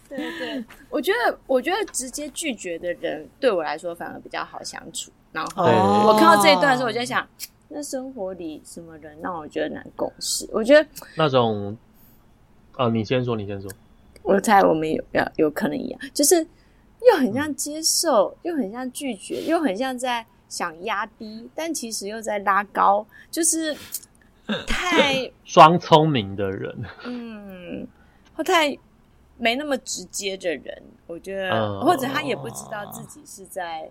對，對對。我覺得，我覺得直接拒絕的人對我來說反而比較好相處。然後我看到這一段的時候，我就在想、哦，那生活裡什麼人讓、啊、我覺得難共識？我覺得那種……啊，你先說，你先說。我猜我們有要有可能一樣，就是又很像接受，嗯、又很像拒絕，又很像在想壓低，但其實又在拉高，就是太雙聰明的人，嗯，他太沒那麼直接的人，我覺得，嗯、或者他也不知道自己是在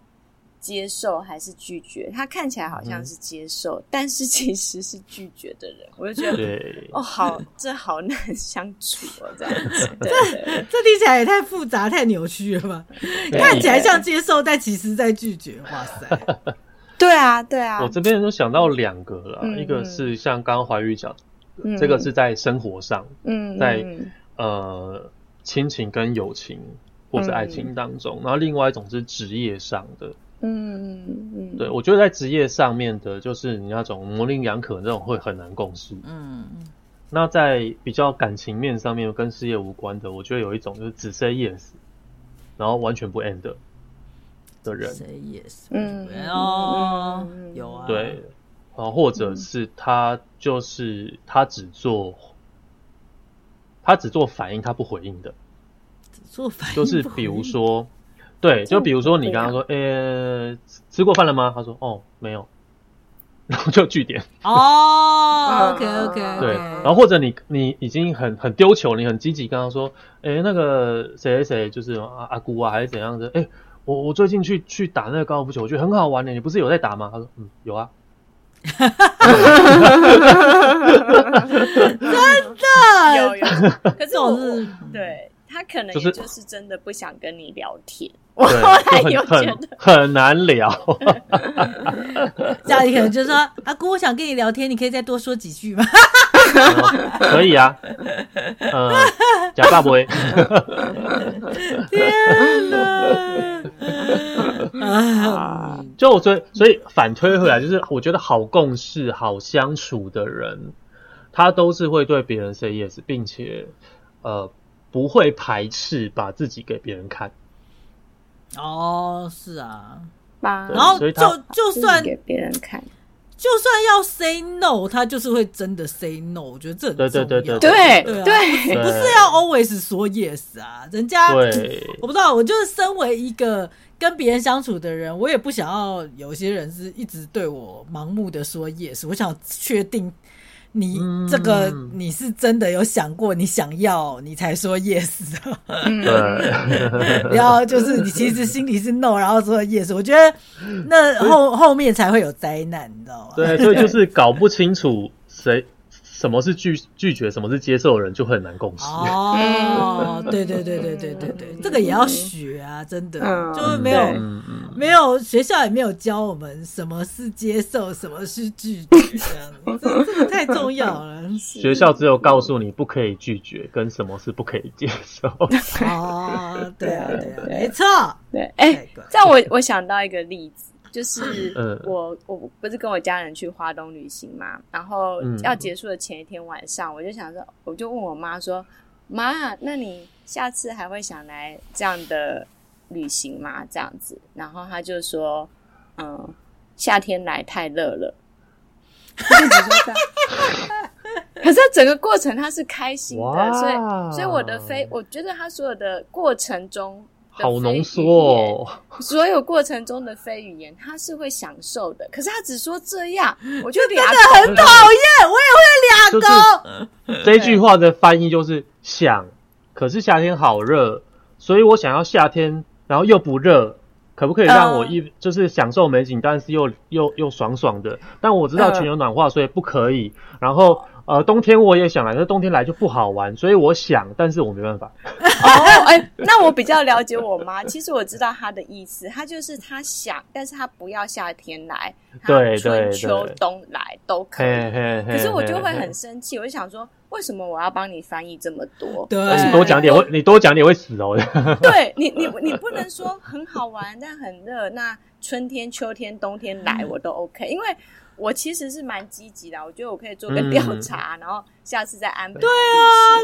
接受還是拒絕？他看起來好像是接受，嗯、但是其實是拒絕的人。我就覺得對哦，好，這好難相處 這對對對這這聽起來也太複雜、太扭曲了吧？看起來像接受，但其實在拒絕。哇塞！ 對啊，對啊。我這邊都想到兩個了、嗯嗯，一個是像剛剛煒翔講，這個是在生活上，嗯，嗯，在呃親情跟友情或者是愛情當中、嗯，然後另外一種是職業上的。嗯嗯，對，我覺得在職業上面的，就是你那種模稜兩可那種會很難共事。嗯，那在比較感情面上面跟事業無關的，我覺得有一種就是只 say yes，然後完全不 end 的人。say yes，嗯哦，有啊，對，啊，或者是他就是他只做，嗯、他只做反應，他不回應的，只做反應，不回應，就是比如說。對，就比如說你剛剛說，誒、欸，吃過飯了嗎？他說，哦，沒有，然 後就句點。哦、oh,，OK OK。對，然後或者你你已經很很丟球，你很積極，剛剛說，哎、欸，那個誰誰誰就是阿阿姑啊，還是怎樣子，哎、欸，我我最近去去打那個高爾夫球，我覺得很好玩呢。你不是有在打嗎？他說，嗯，有啊。 真的有有，有 可是我是 對。他可能也就是真的不想跟你聊天，我後來又覺得很難聊。家 裡 可能就說：“阿姑，我想跟你聊天，你可以再多說幾句嗎？” 嗯哦，可以啊，假大伯。 天哪 啊！就我所以所以反推回來，就是我覺得好共事、好相處的人，他都是會對別人 say yes，並且呃。不會排斥把自己給別人看。哦，是啊，然後就就算給別人看，就算要 say no，他就是會真的 say no。我覺得這很重要，對對對，對，對，對啊，對，不是要 always 說 yes 啊。人家對我不知道，我就是身為一個跟別人相處的人，我也不想要有些人是一直對我盲目的說 yes。我想確定。你這個你是真的有想過你想要你才說 yes，、嗯、 對 然後就是你其實心裡是 no，然後說 yes，我覺得那後後面才會有災難，你知道嗎？對，所以就是搞不清楚誰。 什麼是拒拒絕，什麼是接受，人就很難共識。哦、oh, 對對對對對對對，這個也要學啊，真的，mm -hmm. 就是沒有、mm -hmm. 沒有學校也沒有教我們什麼是接受，什麼是拒絕、啊 這，這樣，這這個太重要了。學校只有告訴你不可以拒絕，跟什麼是不可以接受。哦、 oh, 啊，對啊對，啊， 沒錯，對，哎，這、欸、樣我 我想到一個例子。就是我、呃、我不是跟我家人去花東旅行嘛，然後要結束的前一天晚上，嗯、我就想說，我就問我媽說：“媽，那你下次還會想來這樣的旅行嗎？”這樣子，然後他就說：“嗯，夏天來太熱了。 ”是 可是她整個過程他是開心的，wow，所以所以我的飛，我覺得他所有的過程中。好濃縮哦！所有過程中的非語言，他是會享受的，可是他只說這樣， 我就真的很討厭。 我也會兩種、 就是。這句話的翻譯就是想，可是夏天好熱，所以我想要夏天，然後又不熱，可不可以讓我一、呃、就是享受美景，但是又又又爽爽的？但我知道全球暖化，所以不可以。呃、然後。呃，冬天我也想來，但是冬天來就不好玩，所以我想，但是我沒辦法。 哦，哎，那我比較了解我媽，其實我知道她的意思，她就是她想，但是她不要夏天來，對對，春秋冬來都 OK。可是我就會很生氣，我就想說，為什麼我要幫你翻譯這麼多？對，多講點你多講點，多講點會死哦 對你，你你不能說很好玩，但很熱。那春天、秋天、冬天來我都 OK，嗯，因為。我其實是蠻積極的，我覺得我可以做個調查，嗯，然後下次再安排。對啊，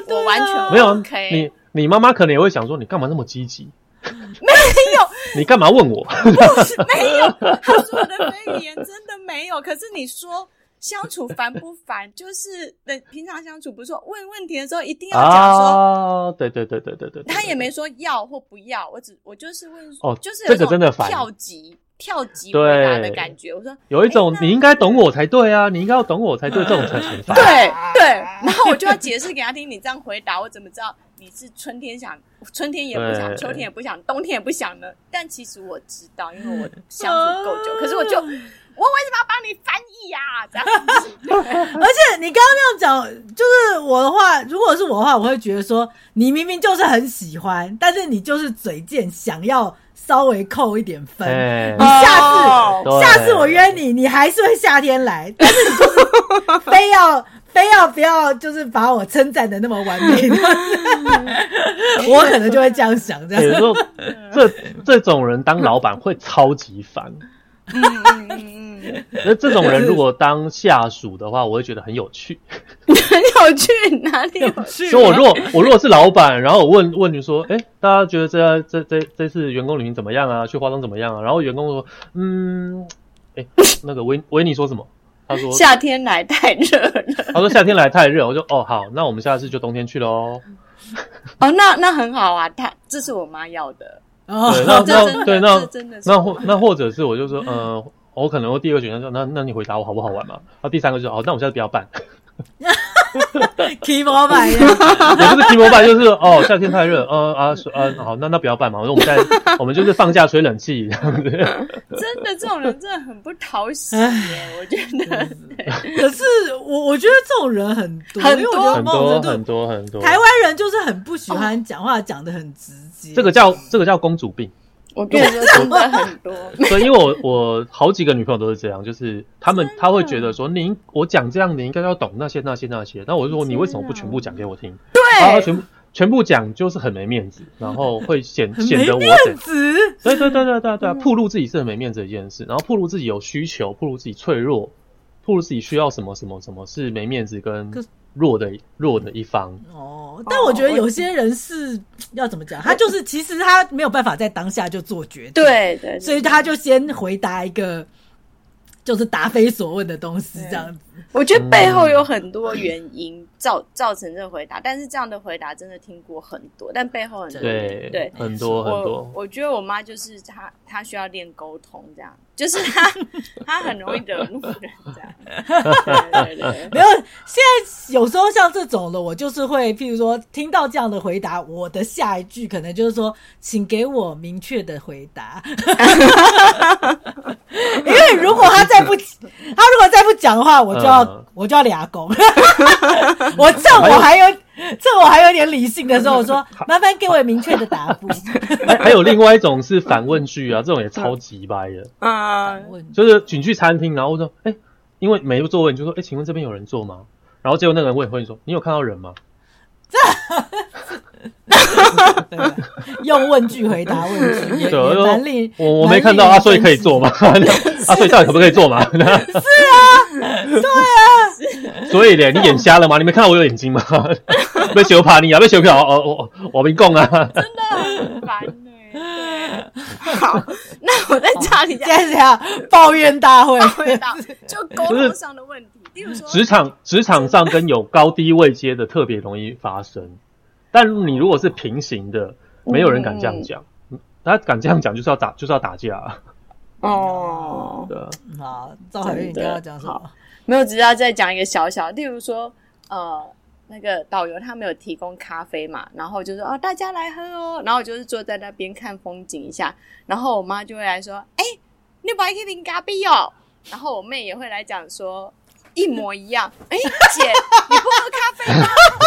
我完全，OK 對啊，沒有。你你媽媽可能也會想說，你幹嘛那麼積極？ 沒有， 你幹嘛問我？ 不是，沒有，他說我的非語言真的沒有。可是你說相處煩不煩？就是平常相處不錯，問問題的時候一定要講說，啊。對對對對對對、對、對、對、對，他也沒說要或不要，我只我就是問哦，就是有種跳級，這個真的煩。跳級回答的感覺，我說有一種、欸、你應該懂我才對啊，你應該要懂我才對這種程度吧。 對對，然後我就要解釋給他聽，你這樣回答， 我怎麼知道你是春天想，春天也不想，秋天也不想，冬天也不想呢？但其實我知道，因為我相處夠久。 可是我就，我為什麼要幫你翻譯啊？這樣子， 而且你剛剛那樣講，就是我的話，如果是我的話，我會覺得說，你明明就是很喜歡，但是你就是嘴賤，想要。稍微扣一點分，欸、你下次、哦、下次我約你，你還是會夏天來，但是你說 非要 非要不要，就是把我稱讚的那麼完美， 我可能就會這樣想， 這樣子，你這這種人當老闆會超級煩。 那這，這種人如果當下屬的話，我會覺得很有趣，很有趣，哪裡有趣、啊？所以我若，我如果我如果是老闆，然後我問問你說，哎，大家覺得這這這這次員工旅行怎麼樣啊？去花東怎麼樣啊？然後員工說，嗯，誒那個維維尼說什麼？他說夏天來太熱了。他說夏天來太熱，我就哦好，那我們下次就冬天去嘍。哦、oh，那那很好啊，他這是我媽要的。對，oh, 那那對，那那或那或者是我就說，嗯、呃。我可能第二個選項說，那那你回答我好不好玩嘛？然後第三個就是，哦，那我現在不要辦。keep off，我就是 keep off，就是哦，夏天太熱，呃、嗯、啊呃、啊，好，那那不要辦嘛。我說我們在 我們就是放假吹冷氣這樣子。 真的，這種人真的很不討喜， 我覺得。 可是我我覺得這種人很多，很多，很多，很多，很多，台灣人就是很不喜歡講話，講、哦、得很直接。這個叫這個叫公主病。我跟我說你也說真的很多， 所以因為我我好幾個女朋友都是這樣，就是她們、啊、她會覺得說，您我講這樣，你應該要懂那些那些那些。那我就說，啊、你為什麼不全部講給我聽？對，啊，全部全部講就是很沒面子，然後會顯顯 得我怎樣，對對對對對對，對，暴、啊、露自己是很沒面子的一件事，然後暴露自己有需求，暴露自己脆弱，暴露自己需要什麼什麼什麼是沒面子跟弱的弱的，弱的一方哦。但我覺得有些人是要怎麼講，他就是其實他沒有辦法在當下就做決定， 對對，對，所以他就先回答一個，就是答非所問的東西這樣子。我覺得背後有很多原因造、嗯、造成這個回答，但是這樣的回答真的聽過很多，但背後很多對，對很多很多。我覺得我媽就是她，她需要練溝通這樣。就是他， 他很容易得。沒有，現在有時候像這種的，我就是會，譬如說聽到這樣的回答，我的下一句可能就是說，請給我明確的回答。 因為如果他再不，他如果再不講的話，我就要， 我就要倆工。 我趁我還有。這我還有一點理性的時候，我說麻煩給我明確的答覆。 還有另外一種是反問句啊，這種也超級掰的啊，就是你去餐廳，然後說哎，因為沒有座位，你就說誒請問這邊有人坐嗎？然後結果那個人問會說你有看到人嗎？這。 對對啊、用問句回答問題，能力我我沒看到阿、啊、所以可以做嘛？阿所以到底可不可以做嘛？是啊，對啊，啊所以咧，你眼瞎了嗎？你沒看到我有眼睛嗎？被羞怕你啊？被羞怕哦！我我們共啊，真的很煩哎。好，那我在家裡現在這樣抱怨大會，大就溝通上的問題，比如說職場職場上跟有高低位階的特別容易發生。但你如果是平行的，沒有人敢這樣講，嗯。他敢這樣講，就是要打，嗯，就是要打架，啊。哦、嗯，對好，趙海燕，你剛剛講什麼？沒有，只是要再講一個小小的，例如說，呃，那個導遊他沒有提供咖啡嘛，然後就說啊，大家來喝哦，喔，然後我就是坐在那邊看風景一下，然後我媽就會來說，哎，欸，你不愛給你咖啡哦。然後我妹也會來講說，一模一樣。哎， 欸，姐，你不喝咖啡嗎？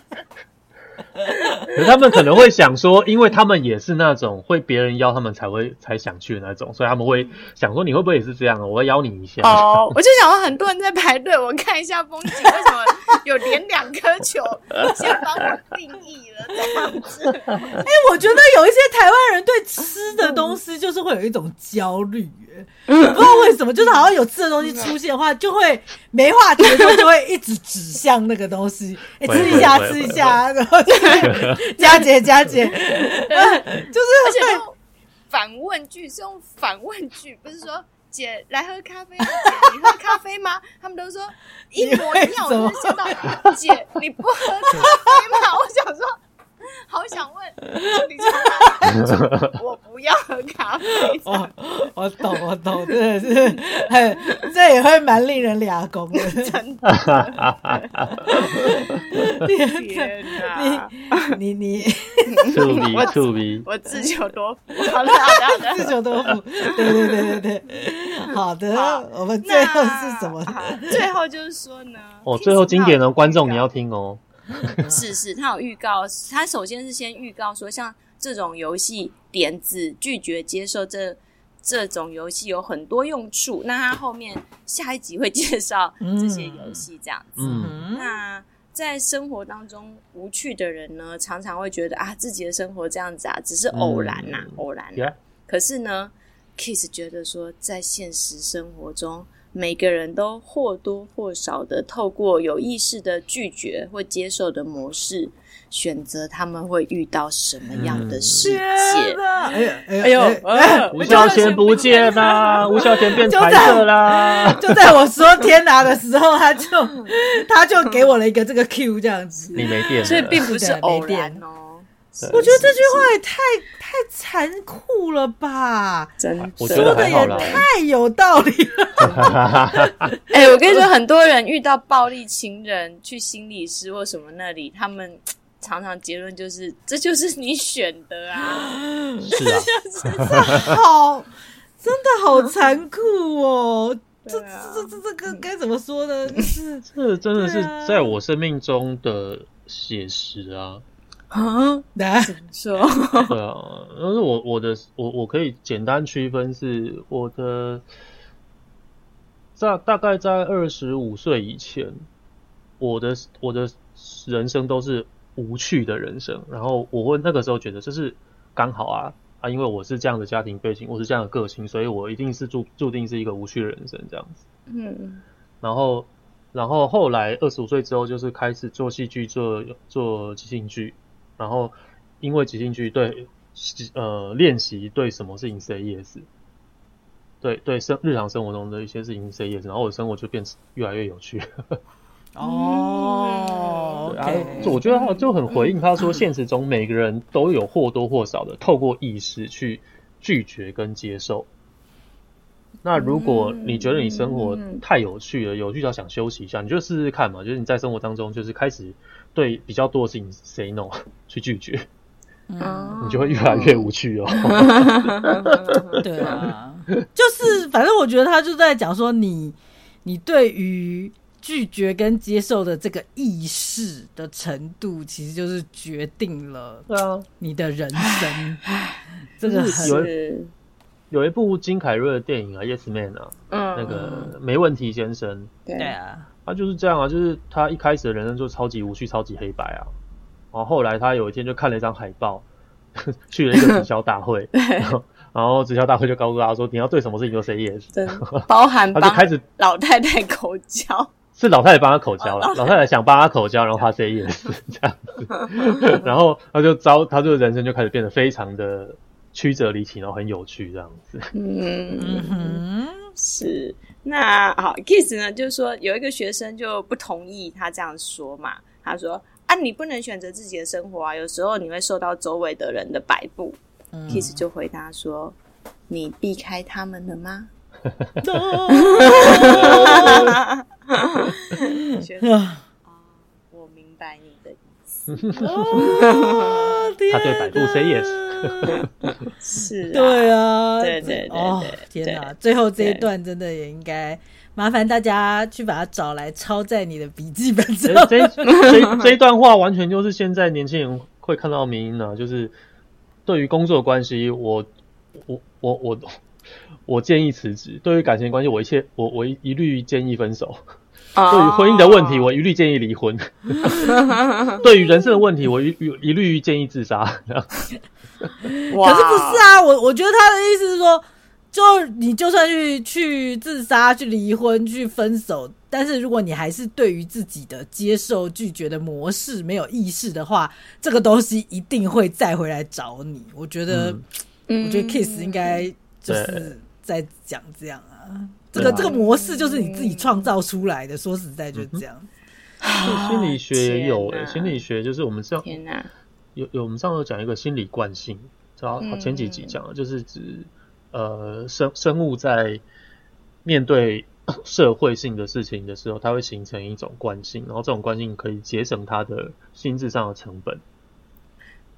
可是他們可能會想說，因為他們也是那種會別人邀他們才會才想去的那種，所以他們會想說，你會不會也是這樣啊？我會邀你一下。哦、oh, 我就想說很多人在排隊，我看一下風景，為什麼有連兩顆球 先幫我定義了這樣子？哎、 欸，我覺得有一些台灣人對吃的東西就是會有一種焦慮、欸，嗯、不知道為什麼，就是好像有吃的東西出現的話，嗯、就會沒話題的時候，就會一直指向那個東西，吃一下，吃一下， 吃一下啊 吃一下啊、然後就。 佳姐，佳姐 就是用反問句，是用反問句，不是說姐來喝咖啡，姐你喝咖啡嗎？ 他們都說一模一樣，我就想到 姐你不喝咖啡嗎？ 我想說。好想問， 我不要喝咖啡。 我我懂我懂，真的是，這也會蠻令人兩光的。 真的， 你你你你你你你你，我自求多福。好了好了，自求多福。對對對對對，好的好。我們最後是什麼？啊、 最後就是說呢，哦、oh,，最後經典的觀眾你要聽哦。 是是，他有預告。他首先是先預告說，像這種遊戲，點子拒絕接受這這種遊戲有很多用處。那他後面下一集會介紹這些遊戲這樣子。嗯嗯、那在生活當中無趣的人呢，常常會覺得啊，自己的生活這樣子啊，只是偶然吶、啊嗯，偶然、啊。可是呢、yeah.，Keith 覺得說，在現實生活中。每個人都或多或少的透過有意識的拒絕或接受的模式，選擇他們會遇到什麼樣的世界，嗯啊。哎呦哎呦，吳效賢不見、啊哎、了，吳效賢變白色啦！就在我說天哪、啊、的時候， 他就他就給我了一個這個 Q 這樣子，你沒電了，所以並不是偶然哦。 我覺得這句話也太是是太殘酷了吧，真說的也太有道理了，啊。哎 欸，我跟你說，很多人遇到暴力情人，去心理師或什麼那裡，他們常常結論就是，這就是你選的啊。是啊 真的好，真的好殘酷哦。嗯、這這這這個該怎麼說呢？ 這真的是在我生命中的寫實啊。啊，難說， 對啊，但是我我的我我可以簡單區分，是我的在大、大概在二十五歲以前，我的我的人生都是無趣的人生。然後我會那個時候覺得這是剛好啊啊，因為我是這樣的家庭背景，我是這樣的個性，所以我一定是注注定是一個無趣的人生這樣子。嗯，然後然後後來二十五歲之後就是開始做戲劇，做做即興劇。然後，因為即興劇對，呃，練習對什麼事情 in say yes，對對生日常生活中的一些事情 say yes，然後我的生活就變越來越有趣。哦、 oh, okay. 啊，然後我覺得他就很回應他說，現實中每個人都有或多或少的 透過意識去拒絕跟接受。那如果你覺得你生活太有趣了，嗯嗯、有趣到想休息一下，你就試試看嘛。就是你在生活當中，就是開始對比較多的事情 say no 去拒絕，嗯、你就會越來越無趣哦。嗯、 對啊，就是反正我覺得他就在講說你、嗯，你你對於拒絕跟接受的這個意識的程度，其實就是決定了、啊、你的人生。 真的很。有一部金凱瑞的電影啊，《Yes Man》啊、嗯，那個沒問題先生。對啊，他就是這樣啊，就是他一開始的人生就超級無趣，超級黑白啊。然後後來他有一天就看了一張海報， 去了一個直銷大會。 然後直銷大會就告訴他說：“你要對什麼事情就 say yes，包含。 他就開始老太太口交，是老太太幫他口交了，哦。老太太想幫他口交，然後他 say yes 這樣子。 然後他就招，他就人生就開始變得非常的。曲折離奇，然後很有趣這樣子。嗯， 是那好，Keith 呢，就是說有一個學生就不同意他這樣說嘛。他說：“啊，你不能選擇自己的生活啊，有時候你會受到周圍的人的擺佈。嗯” Keith 就回答說：“你避開他們了嗎？”啊 學生、 哦，我明白你的意思。 哦、他對擺佈說：“Yes。” 是、啊，對啊，對對對,對,對，哦，對對對天哪對對對！最後這一段真的也應該麻煩大家去把它找來抄在你的筆記本上。這一 這,一這一段話完全就是現在年輕人會看到的名言呢、啊，就是對於工作的關係，我我我我我建議辭職；對於感情關係，我一切我我一一律建議分手；oh. 對於婚姻的問題，oh. 我一律建議離婚； 對於人生的問題，我一一律建議自殺。 可是不是啊，wow、我我覺得他的意思是說，就你就算去去自殺、去離婚、去分手，但是如果你還是對於自己的接受拒絕的模式沒有意識的話，這個東西一定會再回來找你。我覺得，嗯、我覺得 Keith 應該就是在講這樣啊，嗯、這個這個模式就是你自己創造出來的。嗯、說實在，就是這樣。心理學也有，心理學就是我們這有有，有我們上次講一個心理慣性，知道前幾集講的就是指呃，生生物在面對社會性的事情的時候，它會形成一種慣性，然後這種慣性可以節省它的心智上的成本。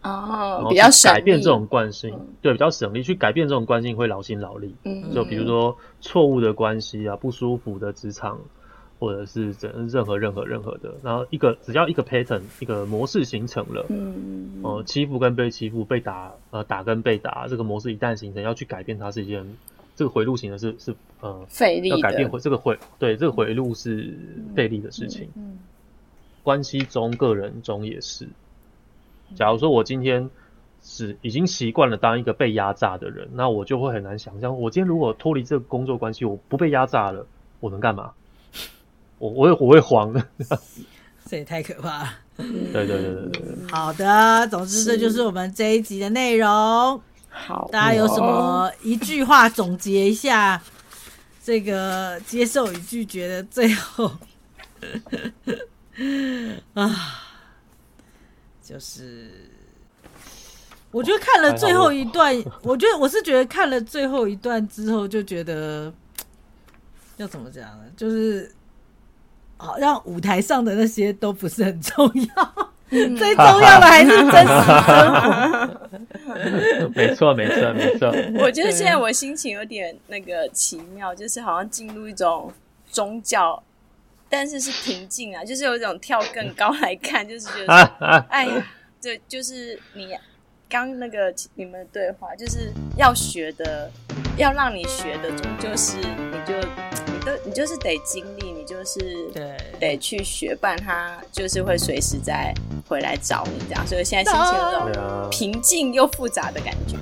哦，比較省力，改變這種慣性，對，比較省力去改變這種慣性會勞心勞力。嗯，就比如說錯誤的關係啊，不舒服的職場。或者是怎任何任何任何的，然後一個只要一個 pattern 一個模式形成了，嗯，呃，欺負跟被欺負，被打呃打跟被打，這個模式一旦形成，要去改變它是一件這個回路型的是是呃費力，要改變回，這個回，對，這個回路是費力的事情。嗯，嗯嗯嗯。關係中，個人中也是。假如說我今天是已經習慣了當一個被壓榨的人，那我就會很難想象，我今天如果脫離這個工作關係，我不被壓榨了，我能幹嘛？我我會我也慌了，這也太可怕了。對，對對對對對。好的，總之這就是我們這一集的內容。好，大家有什麼一句話總結一下這個接受與拒絕的最後 啊？就是我覺得看了最後一段，我覺得我是覺得看了最後一段之後，就覺得 要怎麼講呢？就是。好讓舞台上的那些都不是很重要，嗯、 最重要的還是真實生 沒錯，沒錯，沒錯。 我覺得現在我心情有點那個奇妙，就是好像進入一種宗教，但是是平靜啊，就是有一種跳更高來看，就是覺得， 哎，對，就是你剛那個你們的對話，就是要學的，要讓你學的宗就是，你就。你就是得經歷，你就是得去學伴，他就是會隨時再回來找你這樣，所以現在心情有種平靜又複雜的感覺。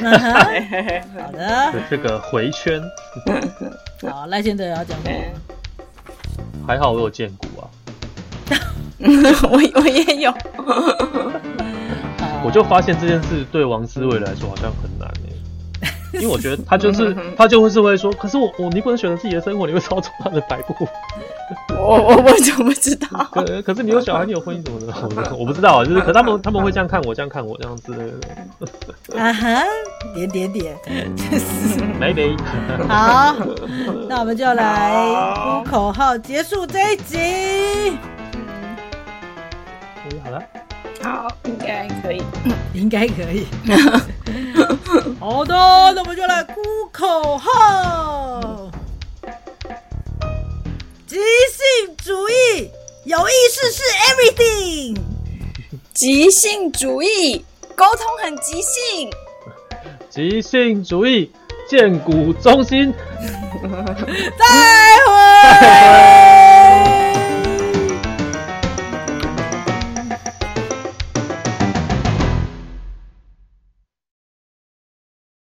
好的，對，這是個回圈。 好，賴謙德要講。還好我有見骨啊， 我我也有。 我就發現這件事對王思維來說好像很難欸 因為我覺得他就是， 他就會是會說，可是我我你不能選擇自己的生活，你會操縱他的擺布。 我我 我就不知道。可可是你有小孩，你有婚姻怎麼知道我，我不知道啊。就是可是他們他們會這樣看我， 這樣看我這樣子。的。啊哈！點點點，真、就是沒沒。 好， 那我們就來呼、no. 口號結束這一集。 嗯、好了。好，應該可以，應該可以。 好的，那我們就來呼口號、嗯。即興主義，有意識是 everything。 即興主義，溝通很即興。即興主義，見古中心。再 會。